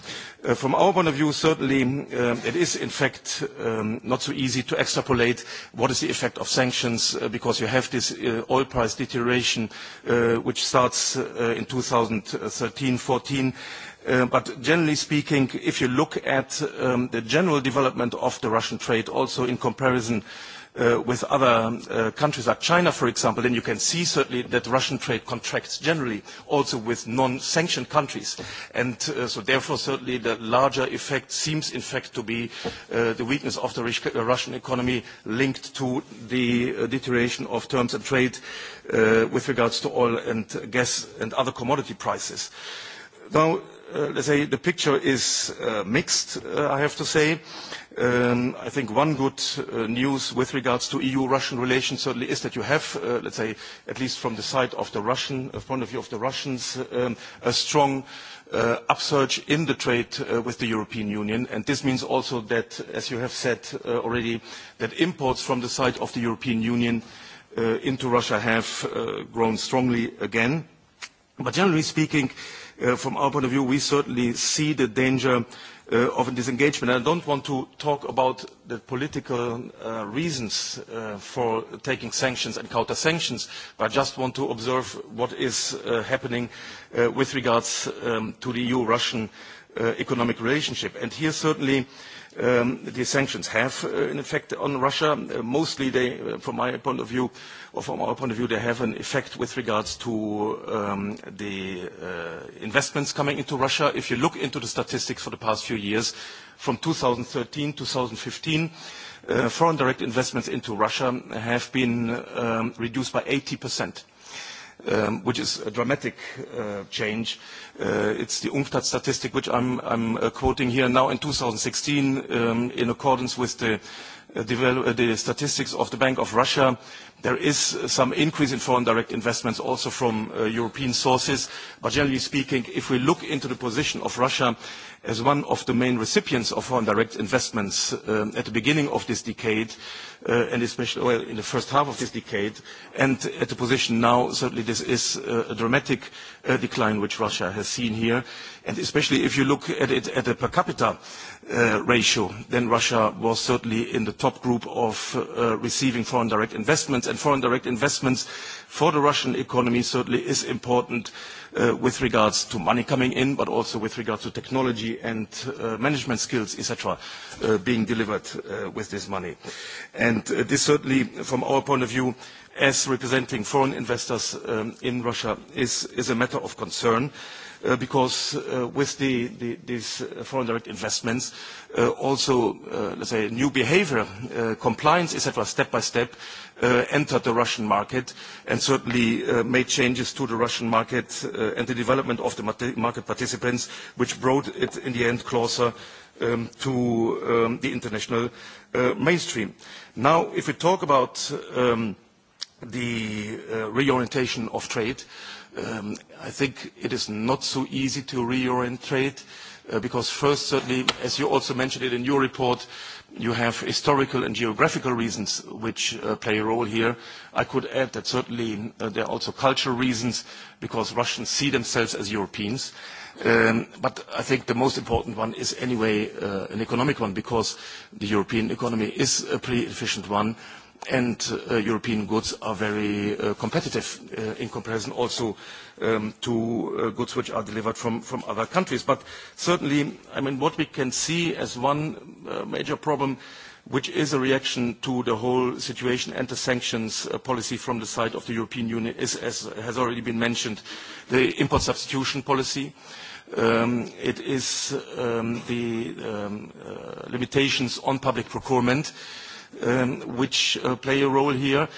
From our point of view, certainly it is in fact not so easy to extrapolate what is the effect of sanctions because you have this oil price deterioration which starts in 2013-14 But generally speaking, if you look at the general development of the Russian trade, also in comparison with other countries like China, for example, then you can see certainly that Russian trade contracts generally also with non-sanctioned countries. And so therefore, certainly the larger effect seems in fact to be the weakness of the Russian economy linked to the deterioration of terms of trade with regards to oil and gas and other commodity prices. Now, let's say the picture is mixed, I have to say. I think one good news with regards to EU-Russian relations certainly is that you have, let's say, at least from the side of the Russian, point of view of the Russians, a strong upsurge in the trade with the European Union. And this means also that, as you have said already, that imports from the side of the European Union into Russia have grown strongly again. But generally speaking, from our point of view, we certainly see the danger of disengagement. I don't want to talk about the political reasons for taking sanctions and counter-sanctions, but I just want to observe what is happening with regards to the EU-Russian economic relationship. And here certainly the sanctions have an effect on Russia. Mostly, they, from my point of view, or from our point of view, they have an effect with regards to the investments coming into Russia. If you look into the statistics for the past few years, from 2013 to 2015, foreign direct investments into Russia have been reduced by 80% which is a dramatic change. It's the UNCTAD statistic, which I'm quoting here now in 2016, in accordance with the statistics of the Bank of Russia. There is some increase in foreign direct investments also from European sources, but generally speaking, if we look into the position of Russia as one of the main recipients of foreign direct investments at the beginning of this decade, and especially in the first half of this decade, and at the position now, certainly this is a dramatic decline which Russia has seen here, and especially if you look at it at a per capita ratio, then Russia was certainly in the top group of receiving foreign direct investments and foreign direct investments for the Russian economy certainly is important with regards to money coming in, but also with regards to technology and management skills, etc., being delivered with this money. And this certainly, from our point of view, as representing foreign investors in Russia, is a matter of concern because with these foreign direct investments, also, let's say, new behavior, compliance, etc., step by step, entered the Russian market and certainly made changes to the Russian market and the development of the market participants, which brought it in the end closer to the international mainstream. Now, if we talk about the reorientation of trade, I think it is not so easy to reorient trade because first, certainly, as you also mentioned it in your report, You have historical and geographical reasons which play a role here. I could add that certainly there are also cultural reasons because Russians see themselves as Europeans. But I think the most important one is anyway an economic one because the European economy is a pretty efficient one and European goods are very competitive in comparison also to goods which are delivered from other countries. But certainly, I mean, what we can see as one major problem, which is a reaction to the whole situation and the sanctions policy from the side of the European Union, is, as has already been mentioned, the import substitution policy. It is the limitations on public procurement, which play a role here.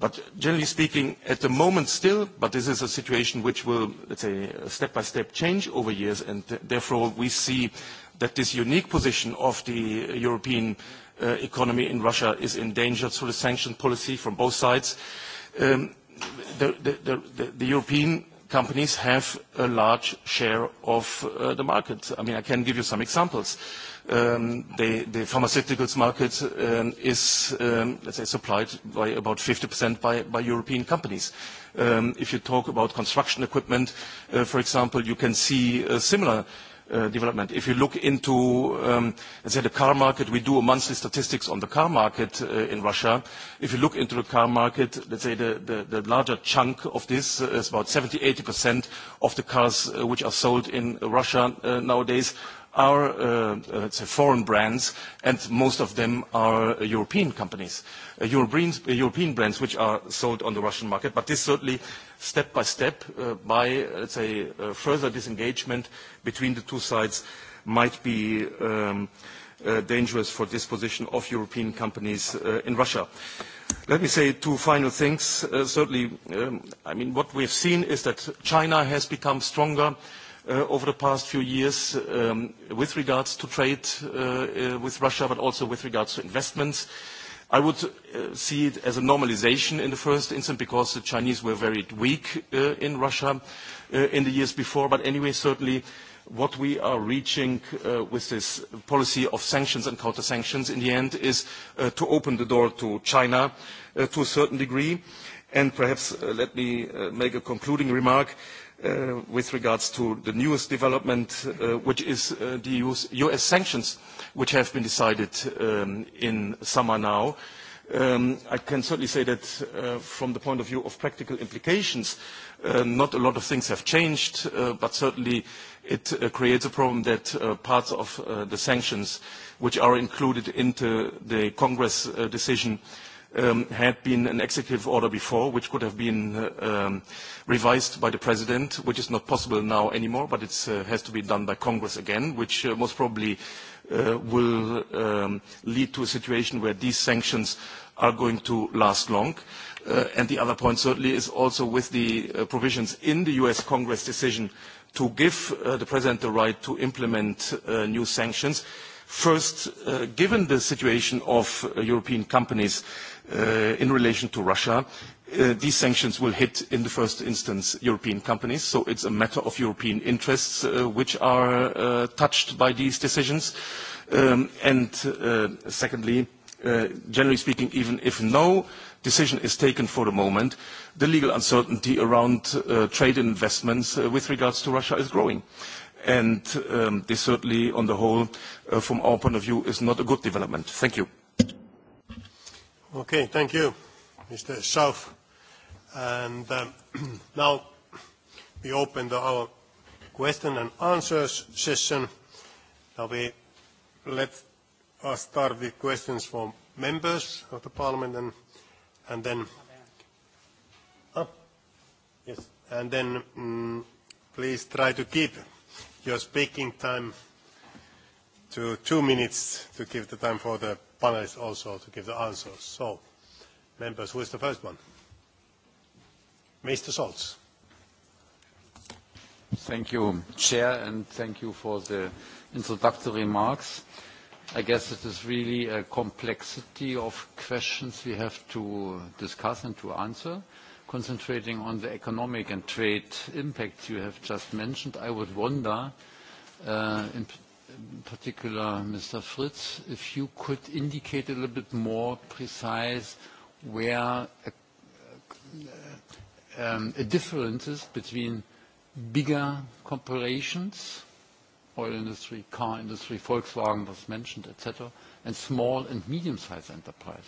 But generally speaking, at the moment still, but this is a situation which will, let's say, step-by-step change over years, and therefore we see that this unique position of the European economy in Russia is endangered through the sanction policy from both sides. The European companies have a large share of the market. I mean, I can give you some examples the pharmaceuticals market is, let's say, supplied by about 50% by European companies. If you talk about construction equipment, for example, you can see a similar development. If you look into, let's say, the car market, we do a monthly statistics on the car market in Russia. If you look into the car market, let's say the larger chunk of this is about 70-80% of the cars which are sold in Russia nowadays are foreign brands, and most of them are European companies, European brands which are sold on the Russian market. But this certainly, step by step, by, let's say, further disengagement between the two sides, might be dangerous for disposition of European companies in Russia. Let me say two final things. Certainly, I mean, what we have seen is that China has become stronger over the past few years with regards to trade with Russia, but also with regards to investments. I would see it as a normalization in the first instance because the Chinese were very weak in Russia in the years before. But anyway, certainly what we are reaching with this policy of sanctions and counter-sanctions in the end is to open the door to China to a certain degree. And perhaps let me make a concluding remark with regards to the newest development, which is the U.S. sanctions, which have been decided in summer now. I can certainly say that from the point of view of practical implications, not a lot of things have changed, but certainly it creates a problem that parts of the sanctions which are included into the Congress decision had been an executive order before, which could have been revised by the President, which is not possible now anymore, but it has to be done by Congress again, which most probably will lead to a situation where these sanctions are going to last long. And the other point certainly is also with the provisions in the U.S. Congress decision to give the President the right to implement new sanctions. First, given the situation of European companies in relation to Russia, these sanctions will hit in the first instance European companies, so it's a matter of European interests which are touched by these decisions. And secondly, generally speaking, even if no decision is taken for the moment, the legal uncertainty around trade and investments with regards to Russia is growing. And this certainly, on the whole, from our point of view, is not a good development. Thank you. Okay, thank you, Mr. Schauf. And now we open our question and answers session. Now we let us start with questions from members of the Parliament and and then yes and then please try to keep your speaking time to two minutes to give the time for the panelists also to give the answers. So, members, who is the first one? Mr. Scholz. Thank you, Chair, and thank you for the introductory remarks. I guess it is really a complexity of questions we have to discuss and to answer. Concentrating on the economic and trade impacts you have just mentioned, I would wonder, in in particular Mr. Fritz, if you could indicate a little bit more precise where a difference is between bigger corporations, oil industry, car industry, Volkswagen was mentioned, etc., and small and medium-sized enterprises.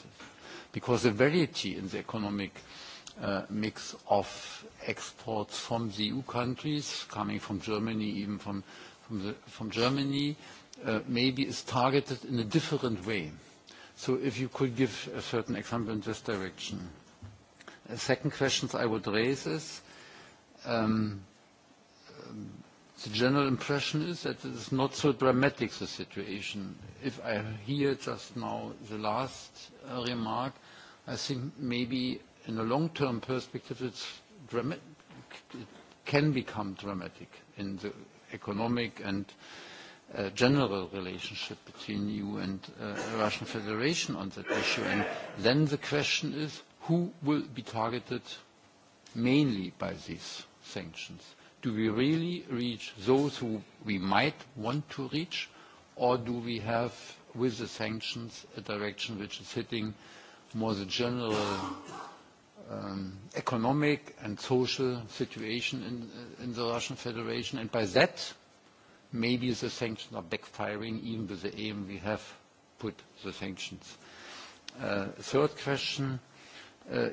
Because the variety in the economic mix of exports from the EU countries, coming from Germany, even from from Germany maybe is targeted in a different way. So if you could give a certain example in this direction. A second question I would raise is the general impression is that it is not so dramatic, the situation. If I hear just now the last remark, I think maybe in a long-term perspective it can become dramatic in the economic and general relationship between EU and the Russian Federation on that issue. And then the question is who will be targeted mainly by these sanctions? Do we really reach those who we might want to reach, or do we have, with the sanctions, a direction which is hitting more the general economic and social situation in the Russian Federation. And by that, maybe the sanctions are backfiring, even with the aim we have put the sanctions. Third question,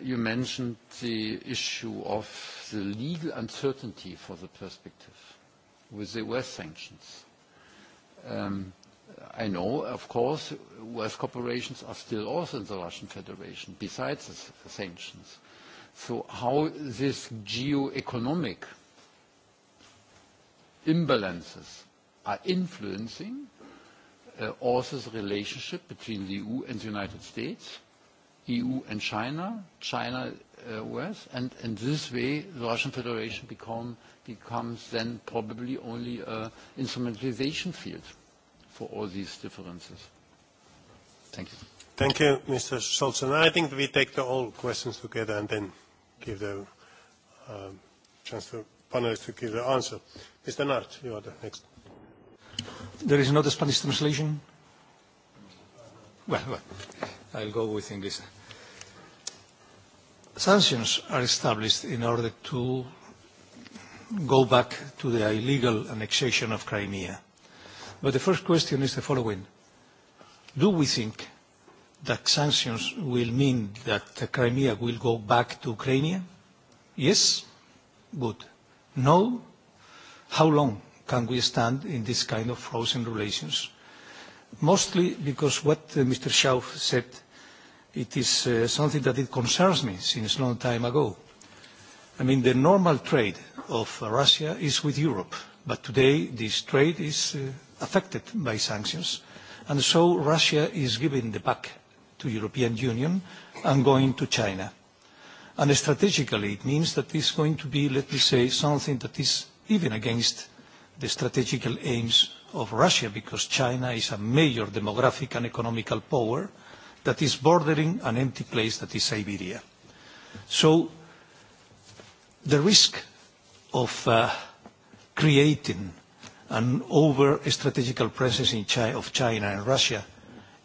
you mentioned the issue of the legal uncertainty for the perspective with the U.S. sanctions. I know, of course, U.S. corporations are still also in the Russian Federation, besides the sanctions. So how these geo-economic imbalances are influencing also the relationship between the EU and the United States, EU and China, China, US, and in this way the Russian Federation becomes then probably only an instrumentalization field for all these differences. Thank you. Thank you, Mr. Scholz. And I think we take the all questions together and then give the chance for panelists to give the answer. Mr. Nart, you are the next. There is no Spanish translation? Well, well, I'll go with English. Sanctions are established in order to go back to the illegal annexation of Crimea. But the first question is the following. Do we think that sanctions will mean that Crimea will go back to Ukraine? Yes? Good. No? How long can we stand in this kind of frozen relations? Mostly because what Mr. Schauf said, it is something that it concerns me since a long time ago. I mean, the normal trade of Russia is with Europe, but today this trade is affected by sanctions, and so Russia is giving the back to European Union and going to China. And strategically, it means that is going to be, let me say, something that is even against the strategical aims of Russia, because China is a major demographic and economical power that is bordering an empty place that is Siberia. So the risk of creating an over-strategical presence of China and Russia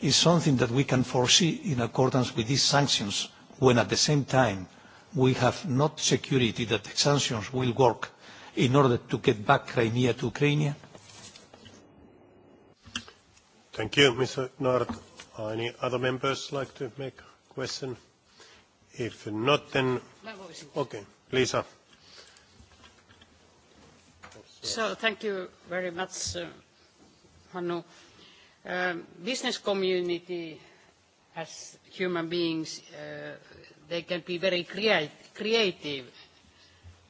is something that we can foresee in accordance with these sanctions when at the same time we have not security that the sanctions will work in order to get back Crimea to Ukraine? Thank you, Mr. Nord. Any other members like to make a question? If not, then... Okay, Lisa. So thank you very much, Hannu business community as human beings, they can be very creative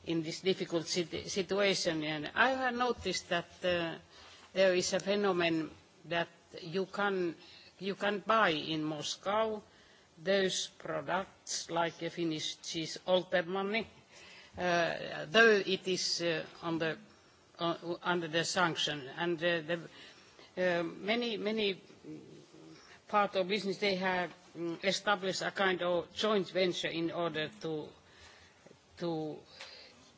in this difficult situation. And I have noticed that there is a phenomenon that you can you can buy in Moscow those products like a Finnish cheese money, though it is under the sanction. And the Many, many part of business, they have established a kind of joint venture in order to to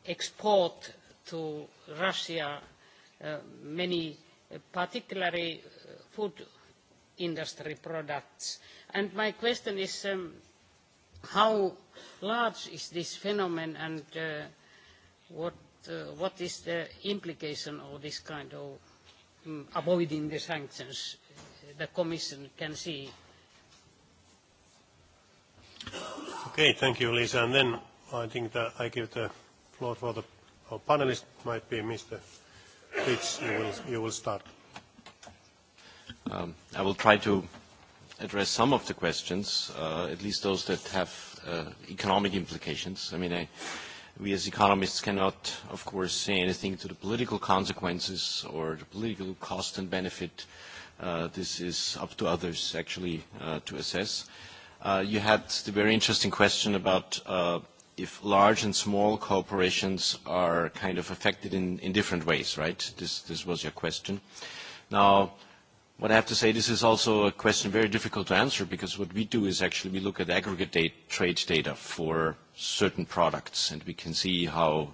export to Russia many, particularly food industry products. And my question is, how large is this phenomenon and what what is the implication of this kind of avoiding the sanctions the Commission can see. Okay, thank you, Lisa. And then I think that I give the floor for the our panelist, might be Mr. Fitz, You will, you will start. Um, I will try to address some of the questions, uh, at least those that have uh, economic implications. I mean, I, we as economists cannot, of course, say anything to the political consequences or the political cost and benefit. This is up to others, actually, to assess. You had the very interesting question about if large and small corporations are kind of affected in different ways, right? This was your question. Now, what I have to say, this is also a question very difficult to answer because what we do is actually we look at aggregate trade data for certain products, and we can see how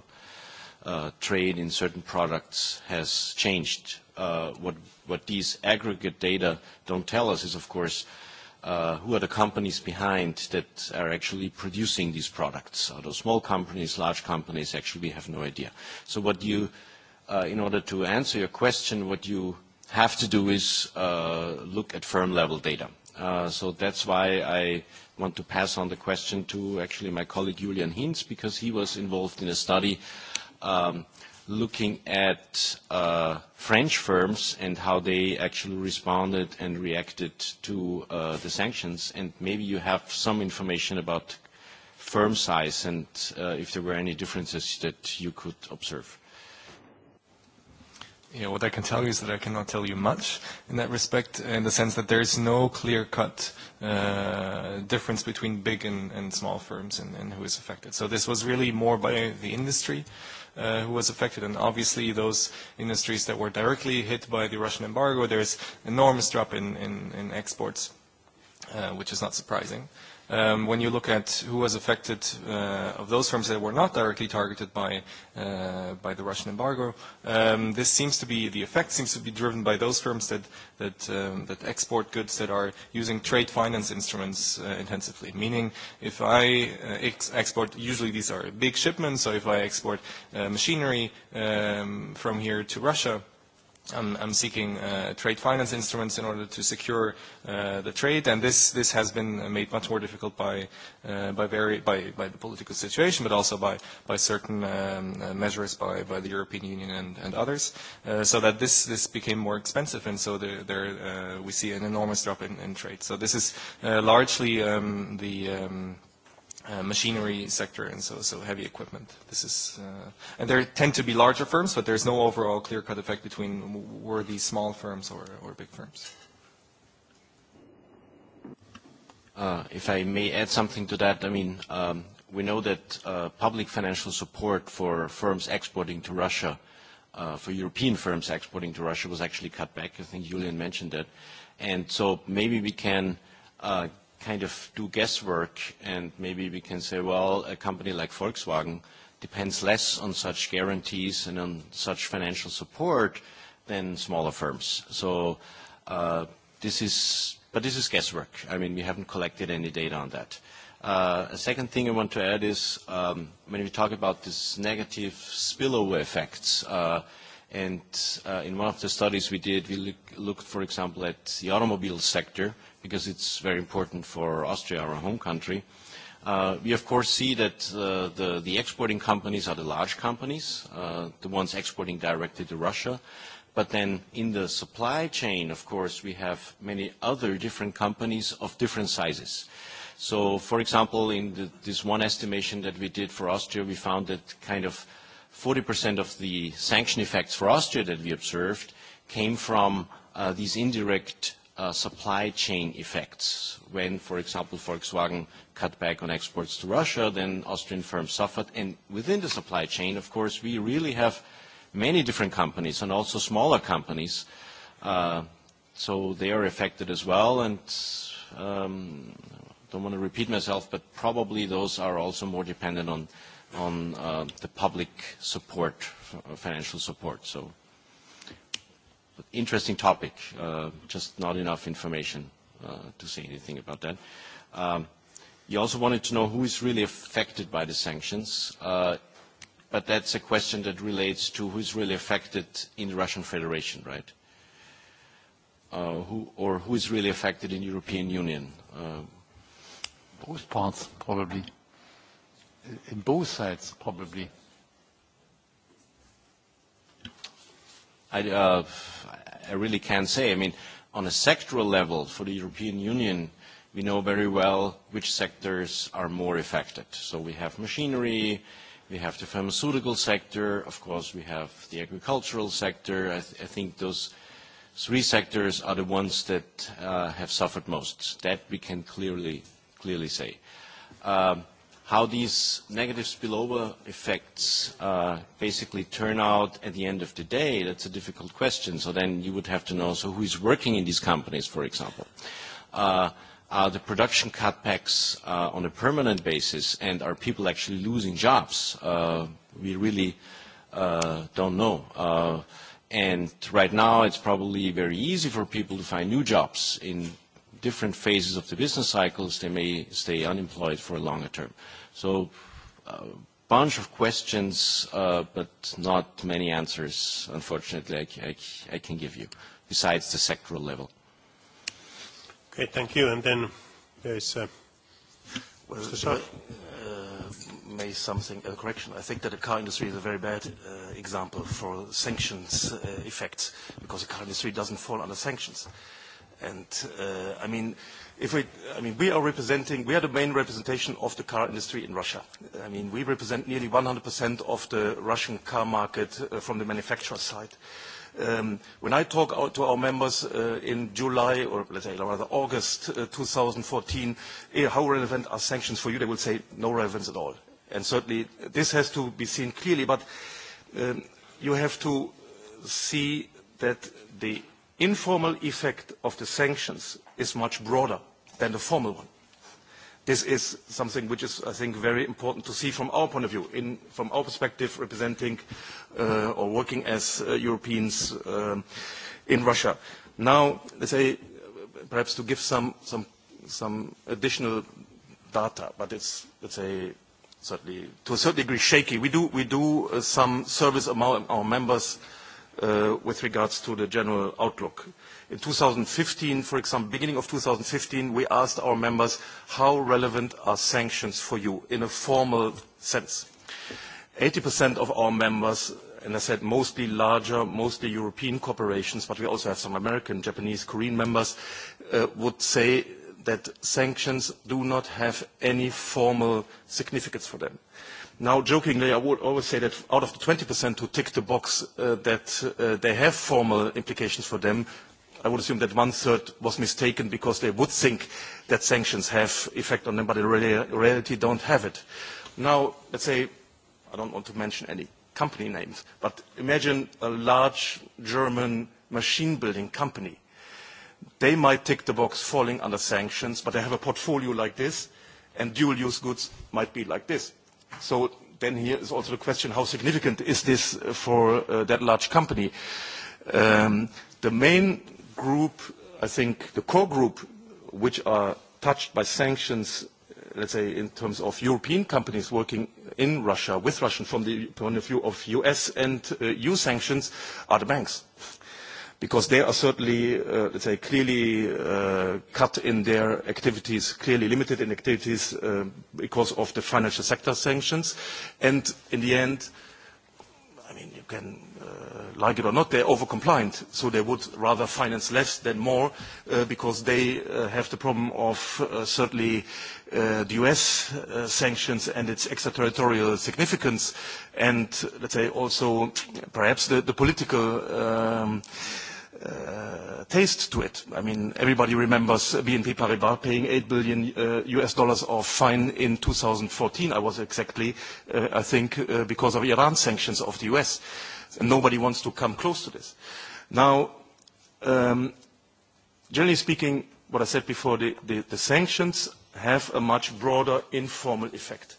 trade in certain products has changed. What these aggregate data don't tell us is, of course, who are the companies behind that are actually producing these products. Are those small companies, large companies? Actually, we have no idea. So what you, in order to answer your question, what you have to do is look at firm-level data. So that's why I want to pass on the question to actually my colleague Julian Hinz, because he was involved in a study looking at French firms and how they actually responded and reacted to the sanctions. And maybe you have some information about firm size and if there were any differences that you could observe. Yeah, what I can tell you is that I cannot tell you much in that respect, in the sense that there is no clear-cut difference between big and small firms and who is affected. So this was really more by the industry who was affected, and obviously those industries that were directly hit by the Russian embargo, there is enormous drop in exports, which is not surprising. When you look at who was affected of those firms that were not directly targeted by by the Russian embargo, this seems to be the effect seems to be driven by those firms that that that export goods that are using trade finance instruments intensively. Meaning, if I export, usually these are big shipments, so if I export machinery from here to Russia I'm seeking trade finance instruments in order to secure the trade, and this this has been made much more difficult by by very by by the political situation, but also by by certain measures by by the European Union and and others, so that this this became more expensive, and so there we see an enormous drop in trade. So this is largely the machinery sector and so so heavy equipment. This is and there tend to be larger firms, but there's no overall clear cut effect between were these small firms or or big firms. If I may add something to that, I mean we know that public financial support for firms exporting to Russia, for European firms exporting to Russia was actually cut back. I think Julian mentioned that. And so maybe we can kind of do guesswork and maybe we can say, well, a company like Volkswagen depends less on such guarantees and on such financial support than smaller firms. So this is, but this is guesswork. I mean, we haven't collected any data on that. A second thing I want to add is when we talk about these negative spillover effects, and in one of the studies we did, we looked, for example, at the automobile sector because it's very important for Austria, our home country. We, of course, see that the exporting companies are the large companies, the ones exporting directly to Russia. But then in the supply chain, of course, we have many other different companies of different sizes. So, for example, in this one estimation that we did for Austria, we found that kind of 40% of the sanction effects for Austria that we observed came from these indirect supply chain effects. When, for example, Volkswagen cut back on exports to Russia, then Austrian firms suffered. And within the supply chain, of course, we really have many different companies and also smaller companies. So they are affected as well. And I don't want to repeat myself, but probably those are also more dependent on the public support, financial support. So interesting topic, just not enough information to say anything about that. You also wanted to know who is really affected by the sanctions, but that's a question that relates to who is really affected in the Russian Federation, right? Or who is really affected in the European Union? Both parts, probably. In both sides, probably. I really can't say. I mean, on a sectoral level for the European Union, we know very well which sectors are more affected. So we have machinery, we have the pharmaceutical sector, of course we have the agricultural sector. I think those three sectors are the ones that have suffered most. That we can clearly say how these negative spillover effects basically turn out at the end of the day, that's a difficult question. So then you would have to know, so who is working in these companies, for example? Are the production cutbacks on a permanent basis, and are people actually losing jobs? We really don't know. And right now, it's probably very easy for people to find new jobs in different phases of the business cycles, they may stay unemployed for a longer term. So a bunch of questions, but not many answers, unfortunately, I can give you, besides the sectoral level. Okay, thank you. And then there is May something a correction. I think that the car industry is a very bad example for sanctions effects, because the car industry doesn't fall under sanctions. And I mean, if we, I mean, we are representing, we are the main representation of the car industry in Russia. I mean, we represent nearly 100% of the Russian car market from the manufacturer side. When I talk to our members in July or let's say rather August 2014, how relevant are sanctions for you? They will say no relevance at all. And certainly this has to be seen clearly, but you have to see that the informal effect of the sanctions is much broader than the formal one. This is something which is, I think, very important to see from our point of view, in from our perspective representing or working as Europeans in Russia. Now, let's say, perhaps to give some some additional data, but it's, let's say, certainly to a certain degree shaky. We do some service among our members with regards to the general outlook. In 2015, for example, beginning of 2015, we asked our members, how relevant are sanctions for you in a formal sense? 80% of our members, and I said mostly larger, mostly European corporations, but we also have some American, Japanese, Korean members, would say that sanctions do not have any formal significance for them. Now, jokingly, I would always say that out of the 20% who tick the box that they have formal implications for them, I would assume that one-third was mistaken because they would think that sanctions have effect on them, but in reality don't have it. Now, let's say, I don't want to mention any company names, but imagine a large German machine-building company. They might tick the box falling under sanctions, but they have a portfolio like this, and dual-use goods might be like this. So then here is also the question, how significant is this for that large company? The main group, I think the core group, which are touched by sanctions, let's say in terms of European companies working in Russia, with Russia, from the point of view of U.S. and EU sanctions, are the banks because they are certainly, let's say, clearly cut in their activities, clearly limited in activities because of the financial sector sanctions. And in the end, I mean, you can like it or not, they're overcompliant, so they would rather finance less than more because they have the problem of certainly the U.S. sanctions and its extraterritorial significance and, let's say, also perhaps the political taste to it. I mean, everybody remembers BNP Paribas paying 8 billion US dollars of fine in 2014, I was exactly, I think, because of Iran sanctions of the US. Nobody wants to come close to this. Now, generally speaking, what I said before, the sanctions have a much broader informal effect.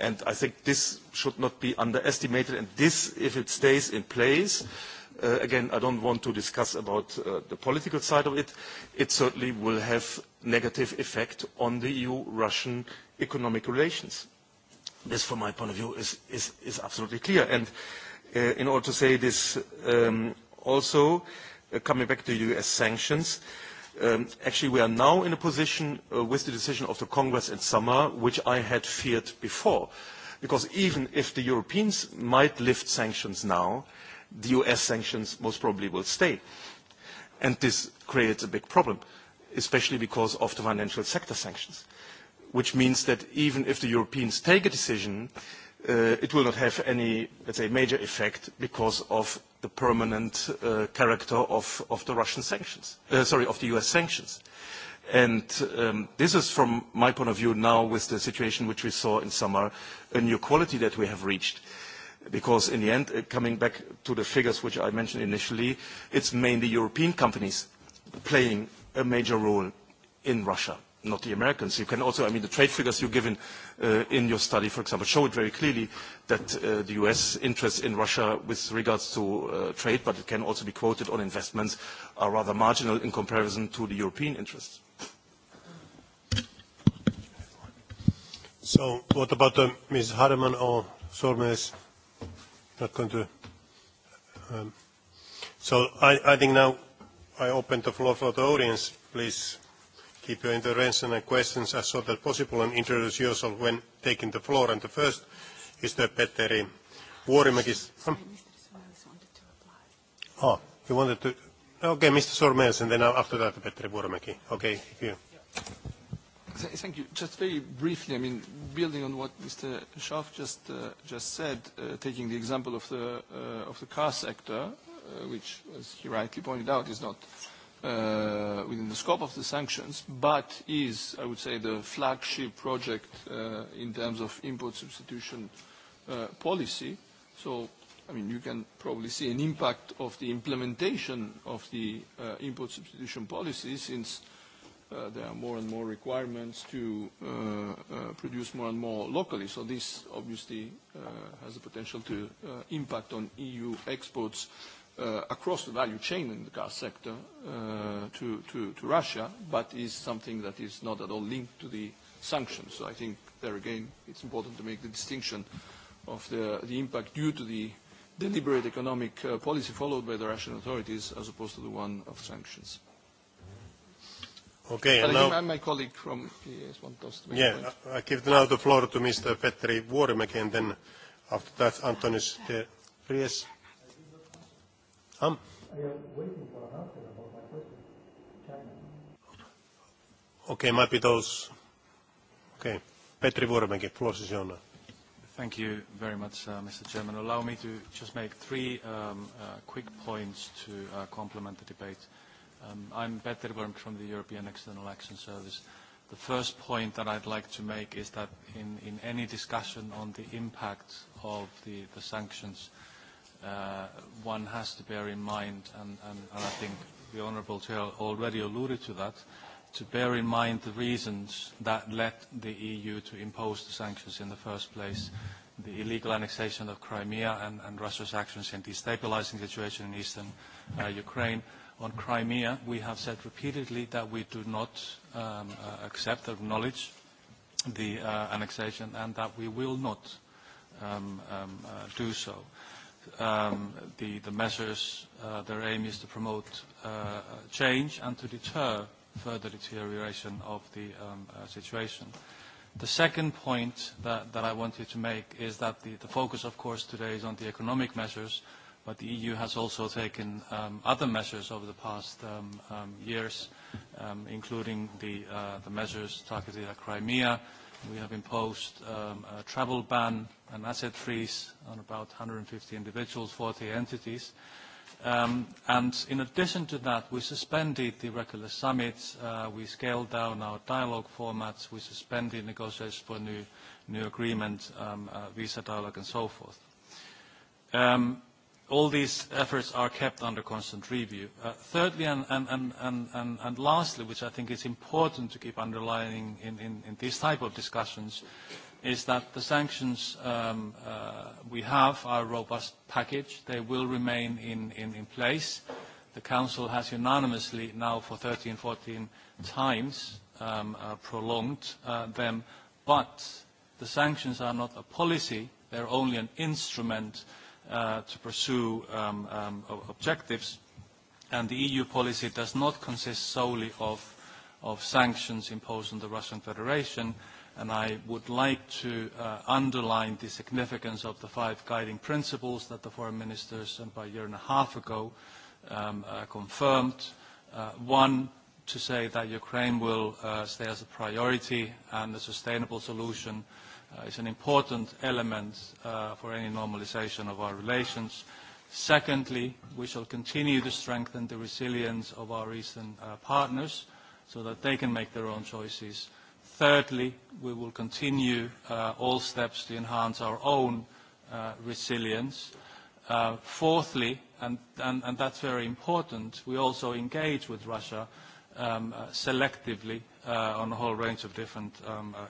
And I think this should not be underestimated. And this, if it stays in place, Again, I don't want to discuss about the political side of it. It certainly will have negative effect on the EU-Russian economic relations. This, from my point of view, is absolutely clear. And in order to say this also, coming back to U.S. sanctions, actually we are now in a position with the decision of the Congress in summer, which I had feared before. Because even if the Europeans might lift sanctions now, the US sanctions most probably will stay. And this creates a big problem, especially because of the financial sector sanctions, which means that even if the Europeans take a decision, it will not have any, let's say, major effect because of the permanent character of the Russian sanctions, sorry, of the US sanctions. And this is, from my point of view now, with the situation which we saw in summer, a new quality that we have reached Because in the end, coming back to the figures which I mentioned initially, it's mainly European companies playing a major role in Russia, not the Americans. You can also, I mean, the trade figures you given in your study, for example, show it very clearly that the U.S. interests in Russia with regards to trade, but it can also be quoted on investments, are rather marginal in comparison to the European interests. So what about Ms. Hardeman or Sormes? not going So I think now I open the floor for the audience. Please keep your intervention and questions as short as possible and introduce yourself when taking the floor. And the first is the Petteri Vuorimäki. Oh, you wanted to. Okay, Mr. Sormels, and then after that, Petteri Vuorimäki. Okay, you. Thank you. Just very briefly, I mean, building on what Mr. Schaaf just just said, taking the example of the of the car sector, which, as he rightly pointed out, is not within the scope of the sanctions, but is, I would say, the flagship project in terms of import substitution policy. So, I mean, you can probably see an impact of the implementation of the import substitution policy since there are more and more requirements to produce more and more locally. So this obviously has the potential to impact on EU exports across the value chain in the car sector to Russia, but is something that is not at all linked to the sanctions. So I think there again it's important to make the distinction of the impact due to the deliberate economic policy followed by the Russian authorities as opposed to the one of sanctions. Okay, and now my colleague from PS wants to Yeah, I give now the floor to Mr. Petri Vuorimäki, and then after that, Antonis de Ries. Um. Okay, might be those. Okay, Petri Vuorimäki, floor is yours. Thank you very much, Mr. Chairman. Allow me to just make three quick points to complement the debate. I'm Peter Gorm from the European External Action Service. The first point that I'd like to make is that in any discussion on the impact of the sanctions, one has to bear in mind, and I think the Honourable Chair already alluded to that, to bear in mind the reasons that led the EU to impose the sanctions in the first place, the illegal annexation of Crimea and Russia's actions in destabilizing the situation in eastern Ukraine, on Crimea, we have said repeatedly that we do not accept or acknowledge the annexation and that we will not do so. The measures, their aim is to promote change and to deter further deterioration of the situation. The second point that I wanted to make is that the focus, of course, today is on the economic measures But the EU has also taken other measures over the past years, including the measures targeted at Crimea. We have imposed a travel ban and asset freeze on about 150 individuals, 40 entities. And in addition to that, we suspended the regular summits, we scaled down our dialogue formats, we suspended negotiations for new agreement, visa dialogue and so forth all these efforts are kept under constant review. Thirdly, and lastly, which I think is important to keep underlining in these type of discussions, is that the sanctions we have are a robust package. They will remain in place. The Council has unanimously now for 13, 14 times prolonged them, but the sanctions are not a policy. They're only an instrument to pursue objectives. And the EU policy does not consist solely of sanctions imposed on the Russian Federation. And I would like to underline the significance of the five guiding principles that the foreign ministers about a year and a half ago confirmed. One, to say that Ukraine will stay as a priority and a sustainable solution is an important element for any normalization of our relations. Secondly, we shall continue to strengthen the resilience of our eastern partners so that they can make their own choices. Thirdly, we will continue all steps to enhance our own resilience. Fourthly, and that's very important, we also engage with Russia selectively on a whole range of different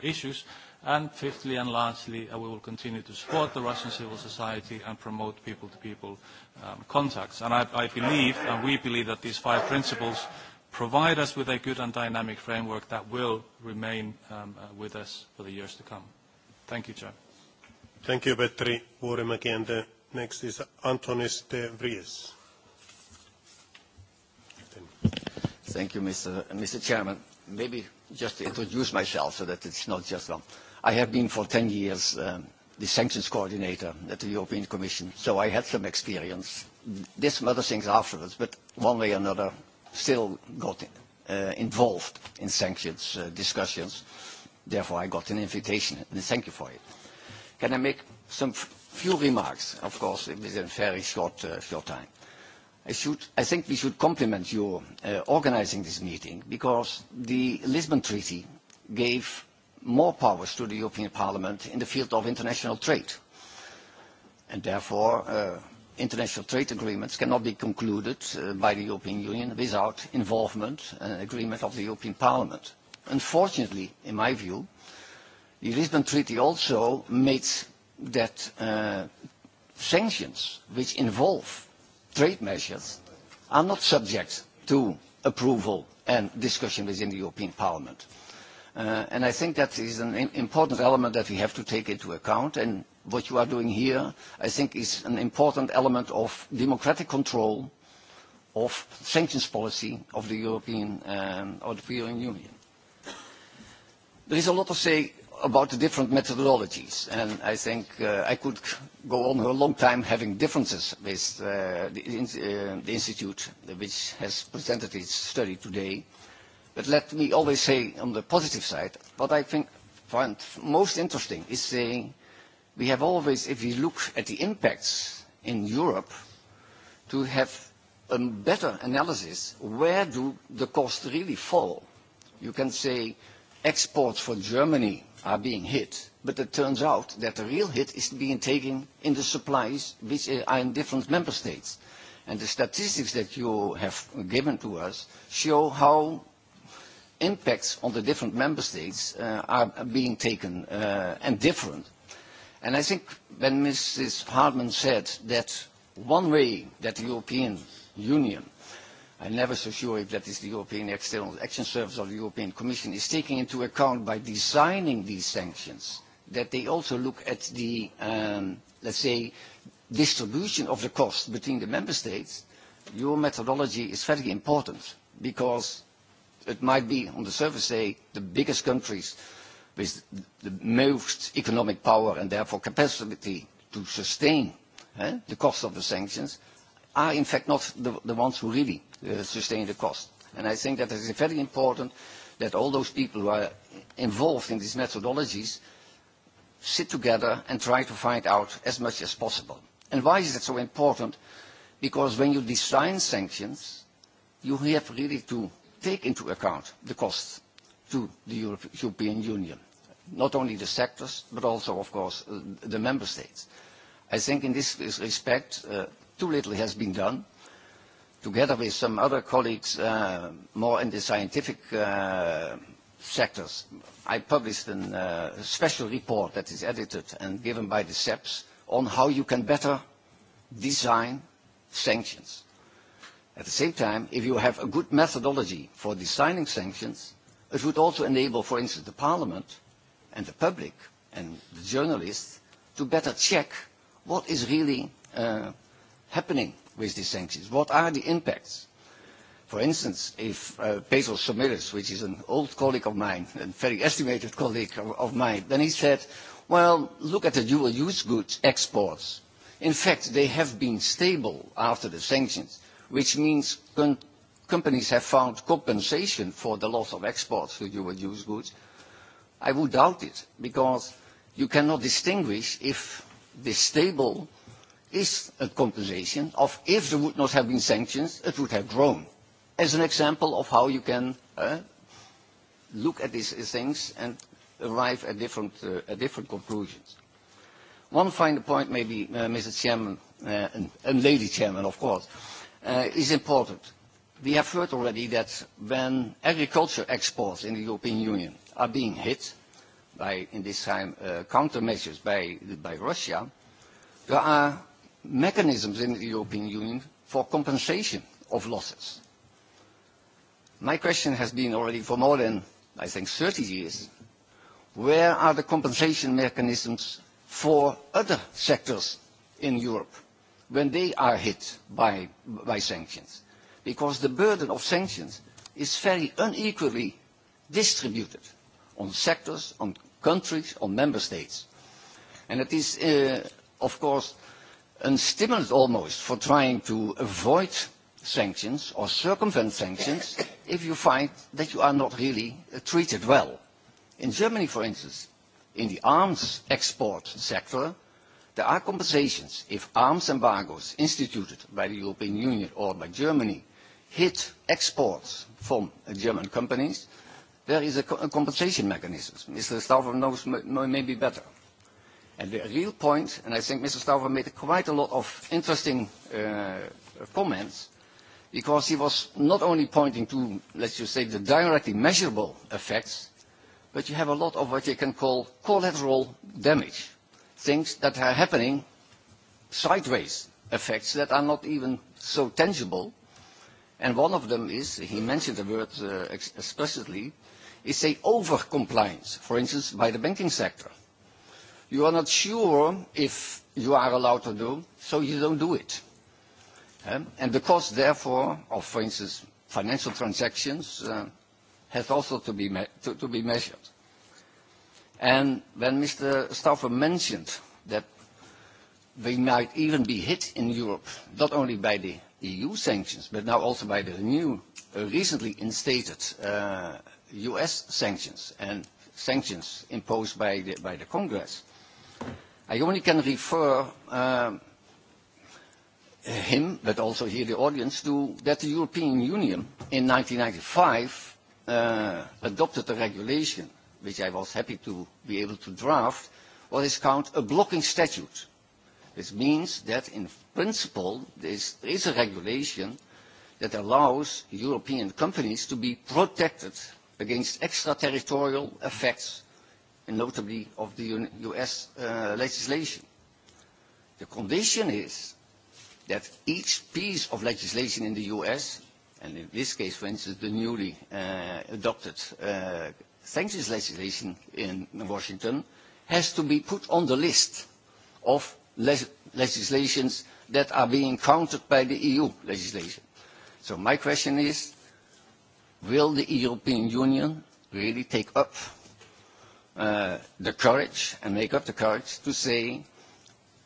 issues. And fifthly and lastly, we will continue to support the Russian civil society and promote people-to-people contacts. And I believe, and we believe, that these five principles provide us with a good and dynamic framework that will remain with us for the years to come. Thank you, Chair. Thank you, Petri Next is Antonis de Vries. Thank you, Mr. Chairman. Maybe just to introduce myself so that it's not just one I have been for 10 years the sanctions coordinator at the European Commission, so I had some experience. Did some other things afterwards, but one way or another still got involved in sanctions discussions. Therefore, I got an invitation, and thank you for it. Can I make some few remarks, of course, within a very short time? I think we should compliment you organizing this meeting, because the Lisbon Treaty gave more powers to the European Parliament in the field of international trade. And therefore, international trade agreements cannot be concluded by the European Union without involvement and agreement of the European Parliament. Unfortunately, in my view, the Lisbon Treaty also made that sanctions which involve trade measures are not subject to approval and discussion within the European Parliament. And I think that is an important element that we have to take into account. And what you are doing here, I think, is an important element of democratic control of sanctions policy of the European Union. There is a lot to say about the different methodologies, and I think I could go on for a long time having differences with the Institute, which has presented its study today. But let me always say on the positive side, what I think find most interesting is saying we have always, if we look at the impacts in Europe, to have a better analysis where do the costs really fall. You can say exports for Germany are being hit, but it turns out that the real hit is being taken in the supplies which are in different member states. And the statistics that you have given to us show how impacts on the different member states are being taken and different. And I think when Mrs. Hartman said that one way that the European Union, I'm never so sure if that is the European External Action Service or the European Commission, is taking into account by designing these sanctions, that they also look at the, let's say, distribution of the cost between the member states, your methodology is very important because It might be, on the surface, say, the biggest countries with the most economic power and therefore capacity to sustain the cost of the sanctions are in fact not the ones who really sustain the cost. And I think that it is very important that all those people who are involved in these methodologies sit together and try to find out as much as possible. And why is it so important? Because when you design sanctions, you have really to take into account the costs to the European Union, not only the sectors, but also, of course, the member states. I think in this respect, too little has been done. Together with some other colleagues more in the scientific sectors, I published a special report that is edited and given by the SEPs on how you can better design sanctions At the same time, if you have a good methodology for designing sanctions, it would also enable, for instance, the Parliament and the public and the journalists to better check what is really happening with these sanctions, what are the impacts. For instance, if Bezos Somiris, which is an old colleague of mine, a very estimated colleague of mine, then he said, well, look at the dual-use goods exports. In fact, they have been stable after the sanctions which means companies have found compensation for the loss of exports to dual use goods, I would doubt it, because you cannot distinguish if this table is a compensation of if there would not have been sanctions, it would have grown. As an example of how you can look at these things and arrive at different conclusions. One final point, maybe, Mr. Chairman, and Lady Chairman, of course is important. We have heard already that when agriculture exports in the European Union are being hit by, in this time, countermeasures by Russia, there are mechanisms in the European Union for compensation of losses. My question has been already for more than, I think, 30 years, where are the compensation mechanisms for other sectors in Europe? when they are hit by sanctions. Because the burden of sanctions is very unequally distributed on sectors, on countries, on member states. And it is, of course, a stimulus almost for trying to avoid sanctions or circumvent sanctions if you find that you are not really treated well. In Germany, for instance, in the arms export sector, There are compensations if arms embargoes instituted by the European Union or by Germany hit exports from German companies. There is a compensation mechanism. Mr. Stauffer knows maybe better. And the real point, and I think Mr. Stauffer made quite a lot of interesting comments, because he was not only pointing to, let's just say, the directly measurable effects, but you have a lot of what you can call collateral damage things that are happening sideways, effects that are not even so tangible. And one of them is, he mentioned the word explicitly, is over compliance. for instance, by the banking sector. You are not sure if you are allowed to do, so you don't do it. And the cost, therefore, of, for instance, financial transactions has also to be measured. And when Mr. Stauffer mentioned that we might even be hit in Europe, not only by the EU sanctions, but now also by the new, recently instated US sanctions and sanctions imposed by the Congress, I only can refer him, but also here the audience, to that the European Union in 1995 adopted a regulation which I was happy to be able to draft, what is called a blocking statute. This means that in principle there is a regulation that allows European companies to be protected against extraterritorial effects, notably of the US legislation. The condition is that each piece of legislation in the US, and in this case, for instance, the newly adopted sanctions legislation in Washington has to be put on the list of legislations that are being countered by the EU legislation. So my question is, will the European Union really take up the courage and make up the courage to say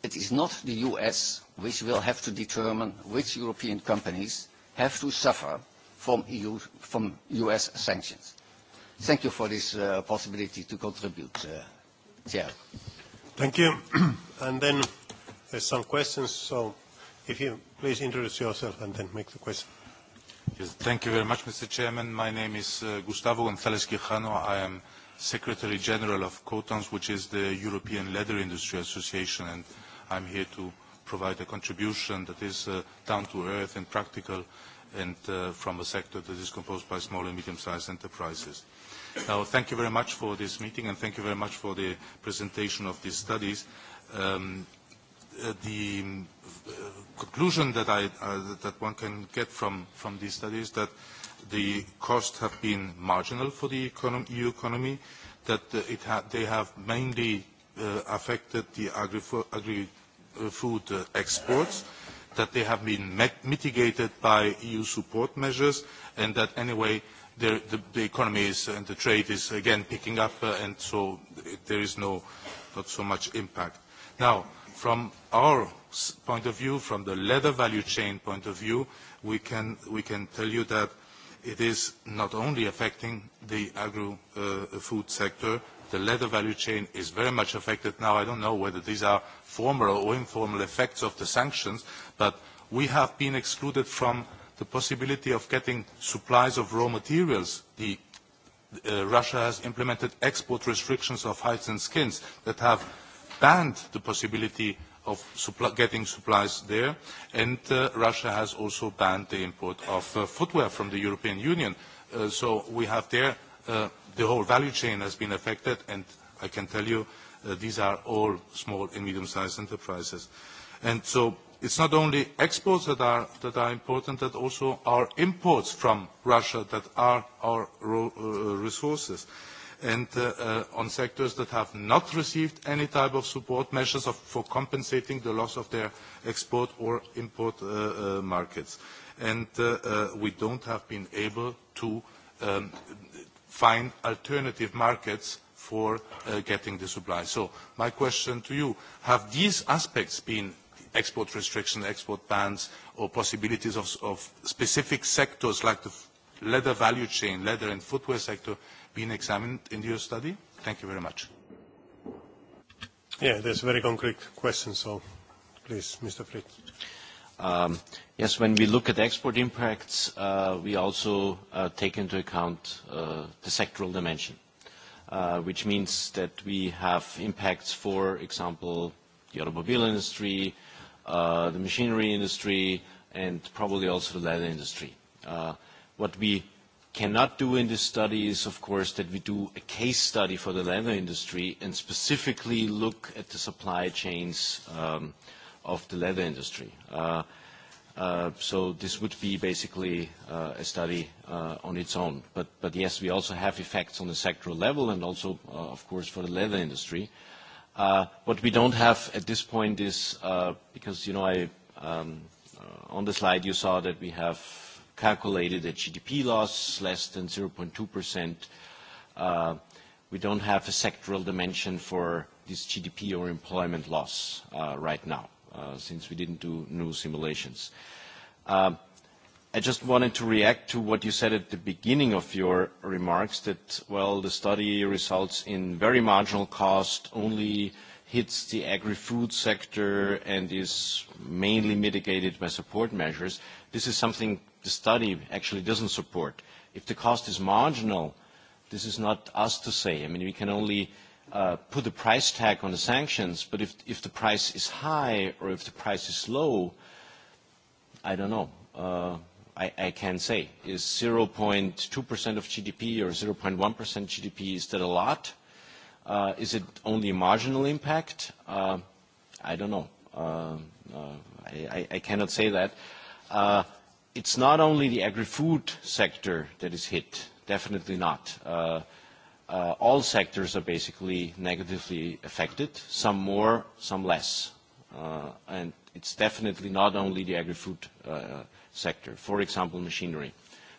it is not the US which will have to determine which European companies have to suffer from US sanctions. Thank you for this possibility to contribute, Chair. Thank you. And then there's some questions, so if you please introduce yourself and then make the question. Yes, thank you very much, Mr. Chairman. My name is Gustavo González Quijano. I am Secretary General of COTANS, which is the European Leather Industry Association, and I'm here to provide a contribution that is down to earth and practical and from a sector that is composed by small and medium-sized enterprises. Now, thank you very much for this meeting and thank you very much for the presentation of these studies. The conclusion that that one can get from from these studies is that the costs have been marginal for the EU economy, that it they have mainly affected the agri-food exports, that they have been mitigated by EU support measures, and that anyway the economy is and the trade is again picking up and so there is no not so much impact. Now, from our point of view, from the leather value chain point of view, we can we can tell you that it is not only affecting the agro-food sector. The leather value chain is very much affected now. I don't know whether these are formal or informal effects of the sanctions, but we have been excluded from the possibility of getting supplies of raw materials. Russia has implemented export restrictions of hides and skins that have banned the possibility of getting supplies there, and Russia has also banned the import of footwear from the European Union. So we have there the whole value chain has been affected, and I can tell you These are all small and medium-sized enterprises. And so it's not only exports that are that are important, but also our imports from Russia that are our resources. And on sectors that have not received any type of support measures for compensating the loss of their export or import markets. And we don't have been able to find alternative markets for getting the supply. So my question to you, have these aspects been export restrictions, export bans, or possibilities of specific sectors like the leather value chain, leather and footwear sector, been examined in your study? Thank you very much. Yeah, that's a very concrete question, so please, Mr. Fritz. Yes, when we look at export impacts, we also take into account the sectoral dimension which means that we have impacts, for example, the automobile industry, the machinery industry, and probably also the leather industry. What we cannot do in this study is, of course, that we do a case study for the leather industry and specifically look at the supply chains of the leather industry. So this would be basically a study on its own. But yes, we also have effects on the sectoral level and also, of course, for the leather industry. What we don't have at this point is, because, you know, I on the slide you saw that we have calculated a GDP loss less than 0.2%. We don't have a sectoral dimension for this GDP or employment loss right now since we didn't do new simulations. I just wanted to react to what you said at the beginning of your remarks that, well, the study results in very marginal cost, only hits the agri-food sector and is mainly mitigated by support measures. This is something the study actually doesn't support. If the cost is marginal, this is not us to say. I mean, we can only put a price tag on the sanctions, but if the price is high or if the price is low, I don't know. I can't say. Is 0.2% of GDP or 0.1% GDP, is that a lot? Is it only a marginal impact? I don't know. I cannot say that. It's not only the agri-food sector that is hit, definitely not all sectors are basically negatively affected, some more, some less. And it's definitely not only the agri-food sector. For example, machinery.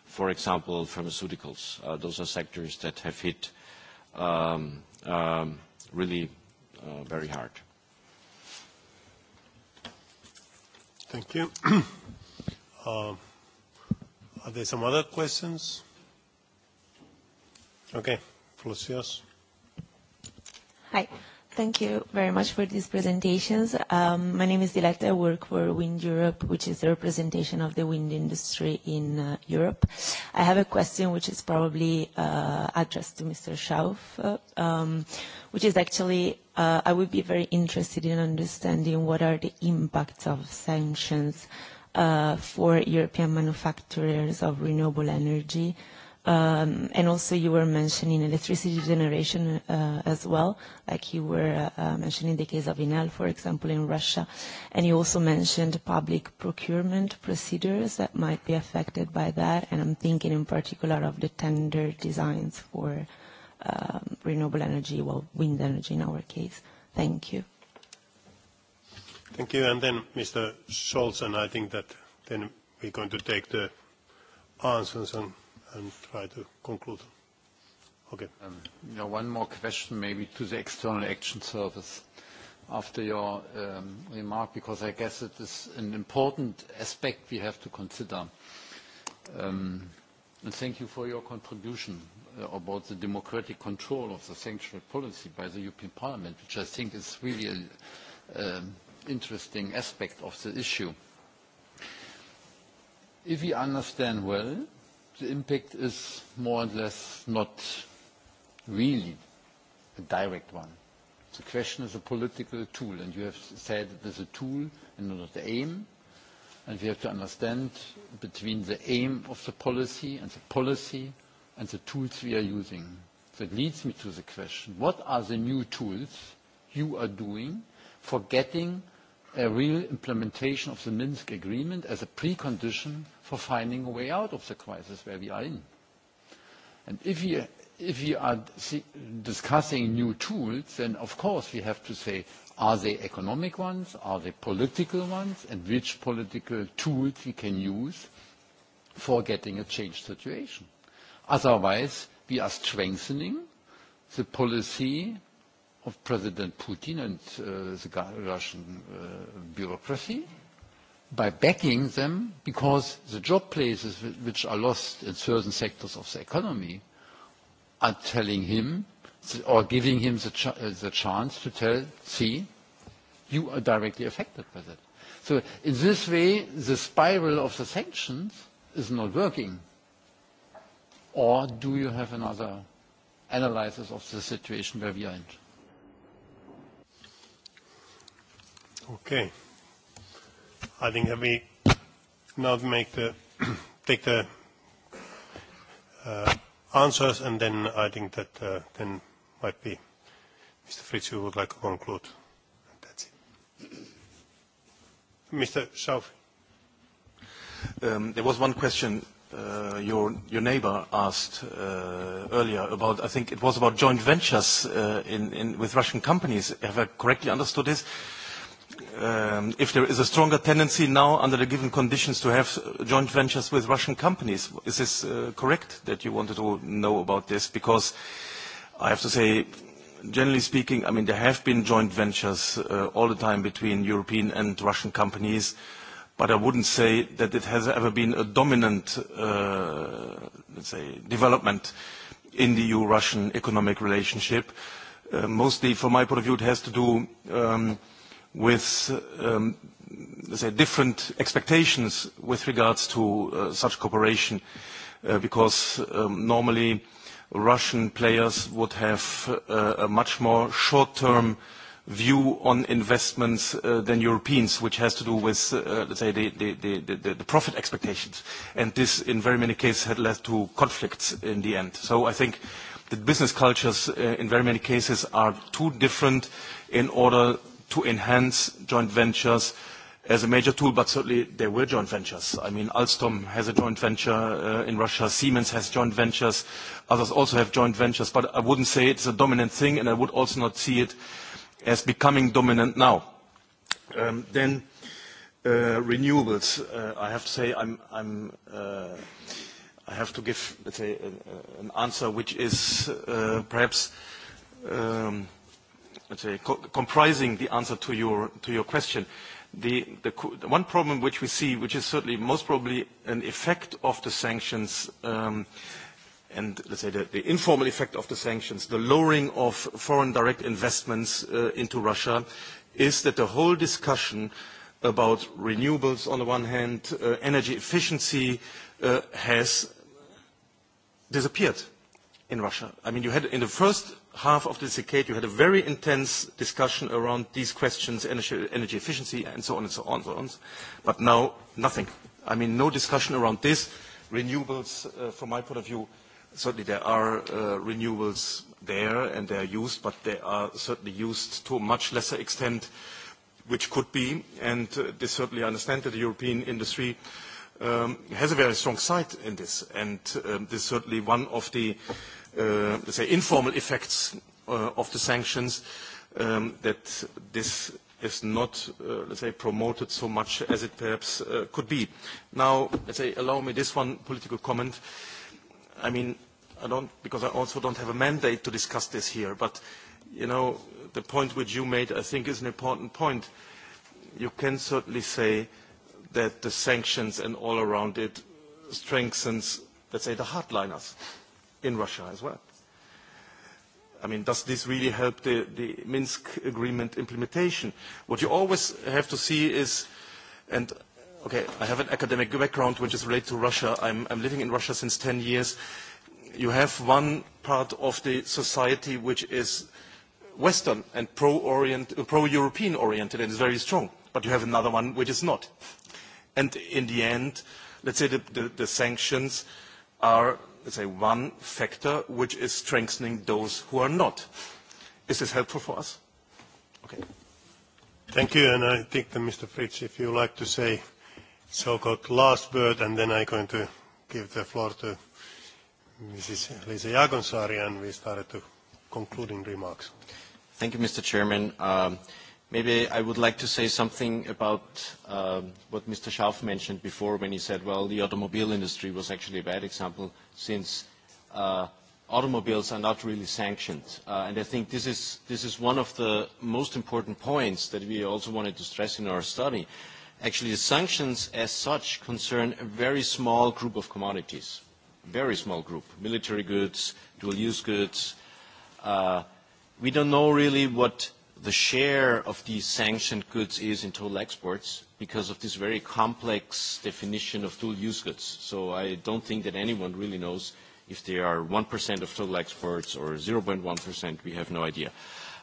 For example, pharmaceuticals. Those are sectors that have hit really very hard. Thank you. Are there some other questions? Okay. Hi. Thank you very much for these presentations. My name is Diletta, I work for Wind Europe, which is the representation of the wind industry in Europe. I have a question which is probably addressed to Mr. Schauf, which is actually I would be very interested in understanding what are the impacts of sanctions for European manufacturers of renewable energy And also you were mentioning electricity generation as well, like you were mentioning the case of Enel, for example, in Russia. And you also mentioned public procurement procedures that might be affected by that. And I'm thinking in particular of the tender designs for renewable energy, well, wind energy in our case. Thank you. Thank you. And then Mr. Scholz, and I think that then we're going to take the answers and and try to conclude. Okay. One more question maybe to the External Action Service after your remark, because I guess it is an important aspect we have to consider. And thank you for your contribution about the democratic control of the sanctuary policy by the European Parliament, which I think is really an interesting aspect of the issue. If we understand well, the impact is more or less not really a direct one. The question is a political tool, and you have said it is a tool and not the aim. And we have to understand between the aim of the policy and the policy and the tools we are using. That leads me to the question, what are the new tools you are doing for getting a real implementation of the Minsk Agreement as a precondition for finding a way out of the crisis where we are in. And if we if we are discussing new tools, then of course we have to say, are they economic ones, are they political ones, and which political tools we can use for getting a changed situation. Otherwise, we are strengthening the policy of President Putin and the Russian bureaucracy by backing them because the job places which are lost in certain sectors of the economy are telling him or giving him the chance to tell, see, you are directly affected by that. So in this way, the spiral of the sanctions is not working. Or do you have another analysis of the situation where we are in? Okay. I think that we now make the take the answers, and then I think that then might be Mr. Fritz, you would like to conclude. That's it. Mr. Schaufi. there was one question your your neighbor asked earlier about. I think it was about joint ventures in with Russian companies. Have I correctly understood this? if there is a stronger tendency now under the given conditions to have joint ventures with Russian companies. Is this correct that you wanted to know about this? Because I have to say, generally speaking, I mean, there have been joint ventures all the time between European and Russian companies, but I wouldn't say that it has ever been a dominant, let's say, development in the EU-Russian economic relationship. Mostly, from my point of view, it has to do with say different expectations with regards to such cooperation because normally Russian players would have a much more short-term view on investments than Europeans, which has to do with, the profit expectations. And this, in very many cases, had led to conflicts in the end. So I think that business cultures, in very many cases, are too different in order to enhance joint ventures as a major tool, but certainly there were joint ventures. I mean, Alstom has a joint venture in Russia, Siemens has joint ventures, others also have joint ventures, but I wouldn't say it's a dominant thing, and I would also not see it as becoming dominant now. Then renewables, I have to say I'm I have to give, let's say, an answer which is perhaps let's say, comprising the answer to your to your question. The one problem which we see, which is certainly most probably an effect of the sanctions and let's say the informal effect of the sanctions, the lowering of foreign direct investments into Russia, is that the whole discussion about renewables on the one hand, energy efficiency has disappeared in Russia. I mean, you had in the first half of the decade, you had a very intense discussion around these questions, energy efficiency, and so on and so on and so on. But now, nothing. I mean, no discussion around this. Renewables, from my point of view, certainly there are renewables there and they are used, but they are certainly used to a much lesser extent, which could be. And they certainly understand that the European industry has a very strong side in this. And this is certainly one of the let's say, informal effects of the sanctions, that this is not, let's say, promoted so much as it perhaps could be. Now, let's say, allow me this one political comment. I mean, I don't, because I also don't have a mandate to discuss this here, but, you know, the point which you made, I think, is an important point. You can certainly say that the sanctions and all around it strengthens, let's say, the hardliners in Russia as well. I mean, does this really help the Minsk agreement implementation? What you always have to see is, and okay, I have an academic background which is related to Russia. I'm living in Russia since 10 years. You have one part of the society which is Western and pro-European oriented and is very strong, but you have another one which is not. And in the end, let's say the sanctions are let's say, one factor which is strengthening those who are not. Is this helpful for us? Okay. Thank you, and I think that Mr. Fritz, if you like to say so-called last word, and then I'm going to give the floor to Mrs. Lisa Jagonsari, and we started to concluding remarks. Thank you, Mr. Chairman. Maybe I would like to say something about what Mr. Schauf mentioned before when he said, well, the automobile industry was actually a bad example since automobiles are not really sanctioned. And I think this is one of the most important points that we also wanted to stress in our study. Actually, the sanctions as such concern a very small group of commodities, very small group, military goods, dual-use goods. We don't know really what the share of these sanctioned goods is in total exports because of this very complex definition of dual-use goods. So I don't think that anyone really knows if they are 1% of total exports or 0.1%. We have no idea.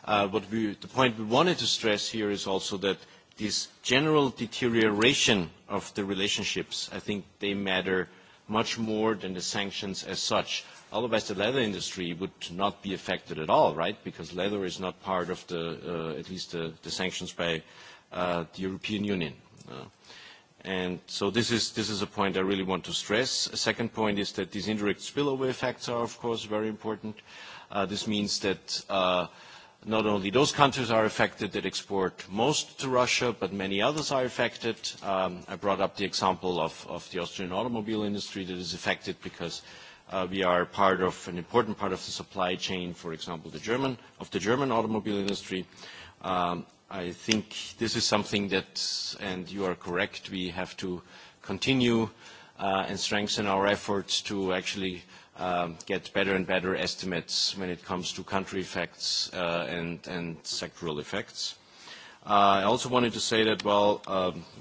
But the point we wanted to stress here is also that this general deterioration of the relationships, I think they matter much more than the sanctions as such otherwise the leather industry would not be affected at all, right? Because leather is not part of the, at least the, the sanctions by the European Union. And so this is, this is a point I really want to stress. A second point is that these indirect spillover effects are, of course, very important. This means that not only those countries are affected that export most to Russia, but many others are affected. I brought up the example of the Austrian automobile industry that is affected because We are part of an important part of the supply chain, for example, the German of the German automobile industry. I think this is something that, and you are correct, we have to continue and strengthen our efforts to actually get better and better estimates when it comes to country effects and sectoral effects. I also wanted to say that, well,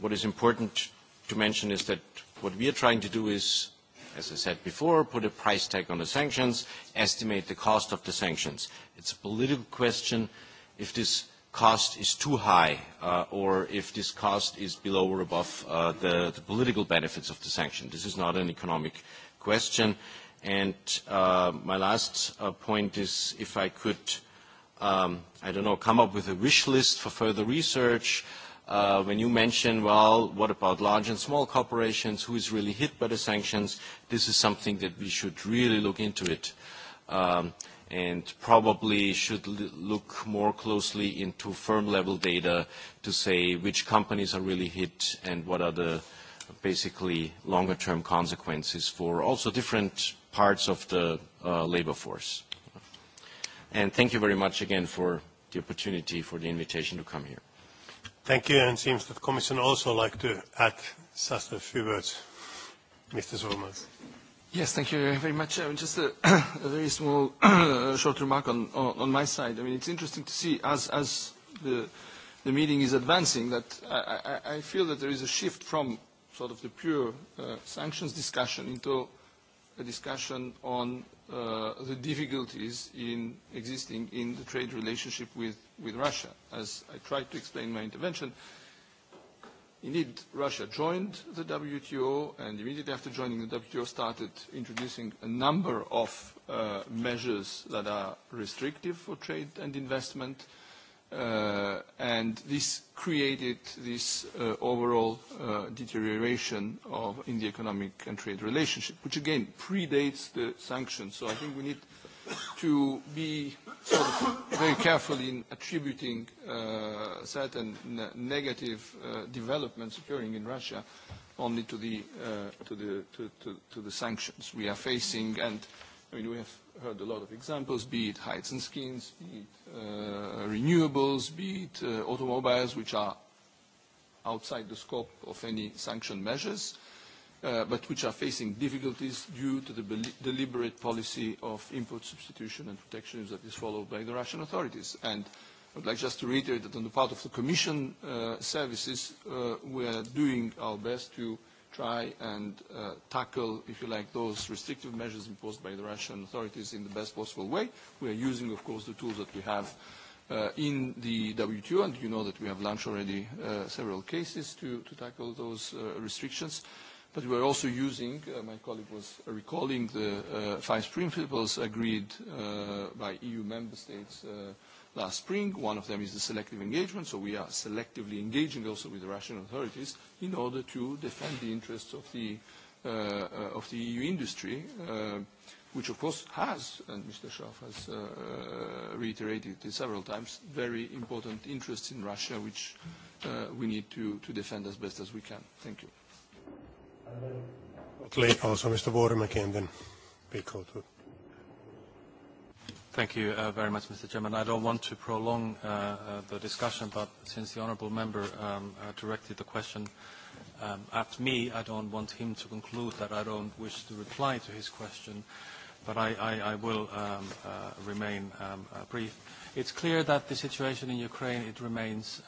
what is important to mention is that what we are trying to do is as I said before, put a price tag on the sanctions, estimate the cost of the sanctions. It's a political question if this cost is too high or if this cost is below or above the political benefits of the sanction. This is not an economic question. And my last point is if I could, I don't know, come up with a wish list for further research When you mention, well, what about large and small corporations? Who is really hit by the sanctions? This is something that we should really look into it and probably should look more closely into firm-level data to say which companies are really hit and what are the basically longer-term consequences for also different parts of the labor force. And thank you very much again for the opportunity, for the invitation to come here. Thank you, and it seems that the Commission also like to add just a few words. Mr. Solomons. Yes, thank you very much. Just a very small short remark on on my side. I mean, it's interesting to see as as the meeting is advancing that I feel that there is a shift from sort of the pure sanctions discussion into a discussion on the difficulties in existing in the trade relationship with with Russia. As I tried to explain in my intervention, indeed Russia joined the WTO and immediately after joining the WTO started introducing a number of measures that are restrictive for trade and investment and this created this overall deterioration in the economic and trade relationship, which again predates the sanctions. So I think we need to be very careful in attributing certain negative developments occurring in Russia only to the sanctions we are facing I mean, we have heard a lot of examples, be it heights and skins, be it renewables, be it automobiles, which are outside the scope of any sanction measures, but which are facing difficulties due to the deliberate policy of import substitution and protectionism that is followed by the Russian authorities. And I would like just to reiterate that on the part of the Commission services, we are doing our best to try and tackle, if you like, those restrictive measures imposed by the Russian authorities in the best possible way. We are using, of course, the tools that we have in the WTO, and you know that we have launched already several cases to tackle those restrictions. But we are also using, my colleague was recalling, the five principles agreed by EU member states last spring. One of them is the selective engagement, so we are selectively engaging also with the Russian authorities in order to defend the interests of the of the EU industry, which of course has, and Mr. Schaaf has reiterated it several times, very important interests in Russia, which we need to defend as best as we can. Thank you. Also, Mr. then to Thank you very much, Mr. Chairman. I don't want to prolong the discussion, but since the Honourable Member directed the question at me, I don't want him to conclude that I don't wish to reply to his question, but I will remain brief. It's clear that the situation in Ukraine, it remains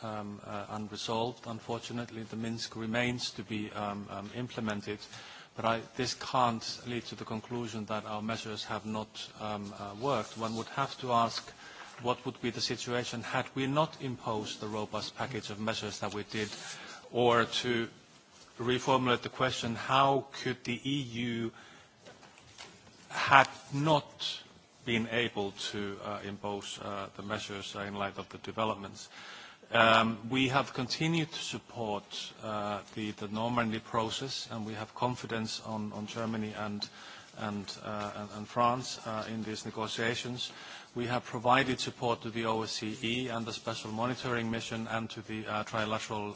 unresolved. Unfortunately, the Minsk remains to be implemented. But this can't lead to the conclusion that our measures have not worked. One would have to ask what would be the situation had we not imposed the robust package of measures that we did, or to reformulate the question, how could the EU had not been able to impose the measures in light of the developments? We have continued to support the Normandy process, and we have confidence on Germany and France in these negotiations. We have provided support to the OSCE and the Special Monitoring Mission and to the Trilateral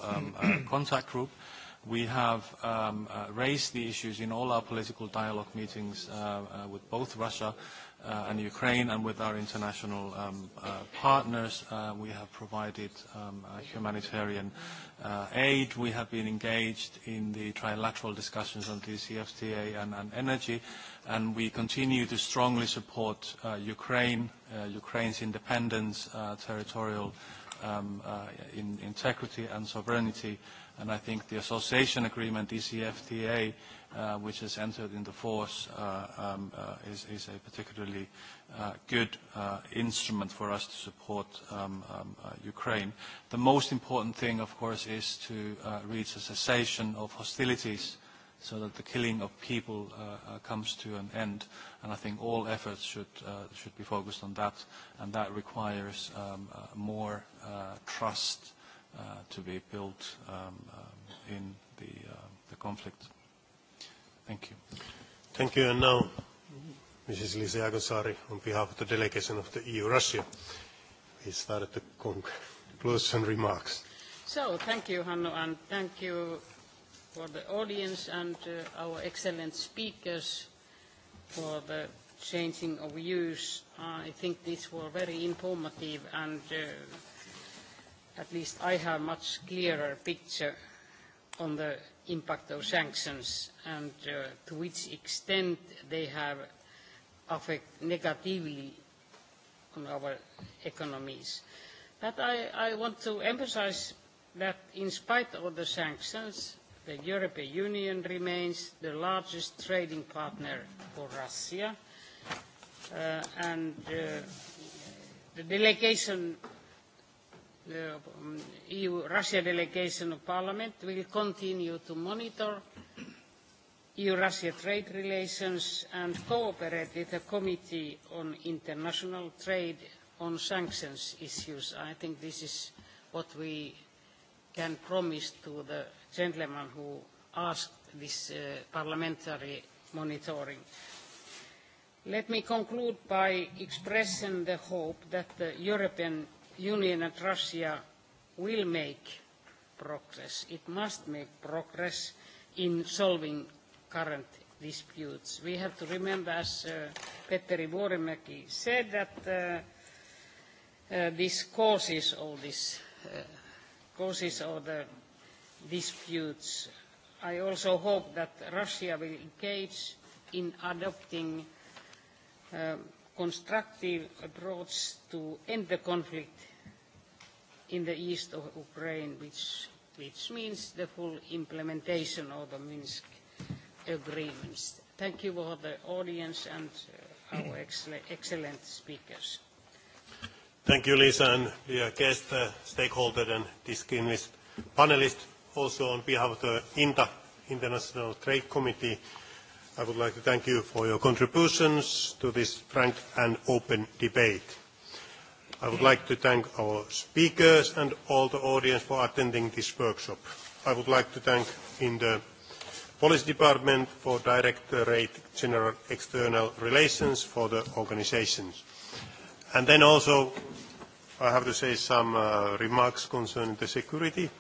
Contact Group. We have raised the issues in all our political dialogue meetings with both Russia and Ukraine and with our international partners. We have provided humanitarian aid. We have been engaged in the trilateral discussions on the CFTA and energy, and we continue to strongly support Ukraine, Ukraine's independence, territorial integrity and sovereignty. And I think the association agreement, DCFTA, which has entered into force, is a particularly good instrument for us to support Ukraine. The most important thing, of course, is to reach a cessation of hostilities so that the killing of people comes to an end. And I think all efforts should should be focused on that, and that requires more trust to be built in the conflict. Thank you. Thank you. And now, Mrs. Lisa Agosari, on behalf of the delegation of the EU-Russia, we started the conclusion remarks. So, thank you, Hanno, and thank you for the audience and our excellent speakers for the changing of views. I think these were very informative and at least I have a much clearer picture on the impact of sanctions and to which extent they have affected negatively on our economies. But I want to emphasize that in spite of the sanctions, the European Union remains the largest trading partner for Russia, and the delegation EU-Russia delegation of Parliament will continue to monitor EU-Russia trade relations and cooperate with the Committee on International Trade on sanctions issues. I think this is what we can promise to the gentleman who asked this parliamentary monitoring. Let me conclude by expressing the hope that the European Union and Russia will make progress. It must make progress in solving current disputes. We have to remember, as Petteri Vuorimäki said, that this causes all this, causes all the disputes. I also hope that Russia will engage in adopting constructive approach to end the conflict in the east of Ukraine, which which means the full implementation of the Minsk agreements. Thank you for the audience and our excellent speakers. Thank you, Lisa, and dear guest, stakeholder, and distinguished panelist. Also, on behalf of the INTA, International Trade Committee, I would like to thank you for your contributions to this frank and open debate. I would like to thank our speakers and all the audience for attending this workshop. I would like to thank in the policy Department for Directorate General External Relations for the organizations. And then also I have to say some remarks concerning the security.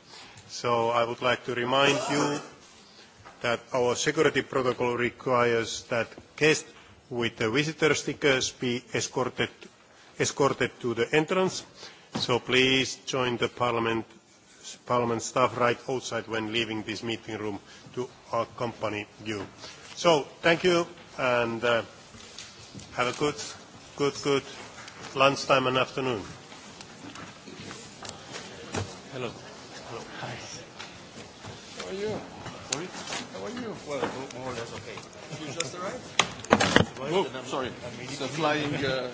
So I would like to remind you that our security protocol requires that guests with visitor stickers be escorted escorted to the entrance. So please join the Parliament Parliament staff right outside when leaving this meeting room to accompany you. So thank you and have a good, good, good lunchtime and afternoon. Hello. Hello. Hi. How are you? How are you? Well, more or less okay. You just arrived? sorry. It's a flying...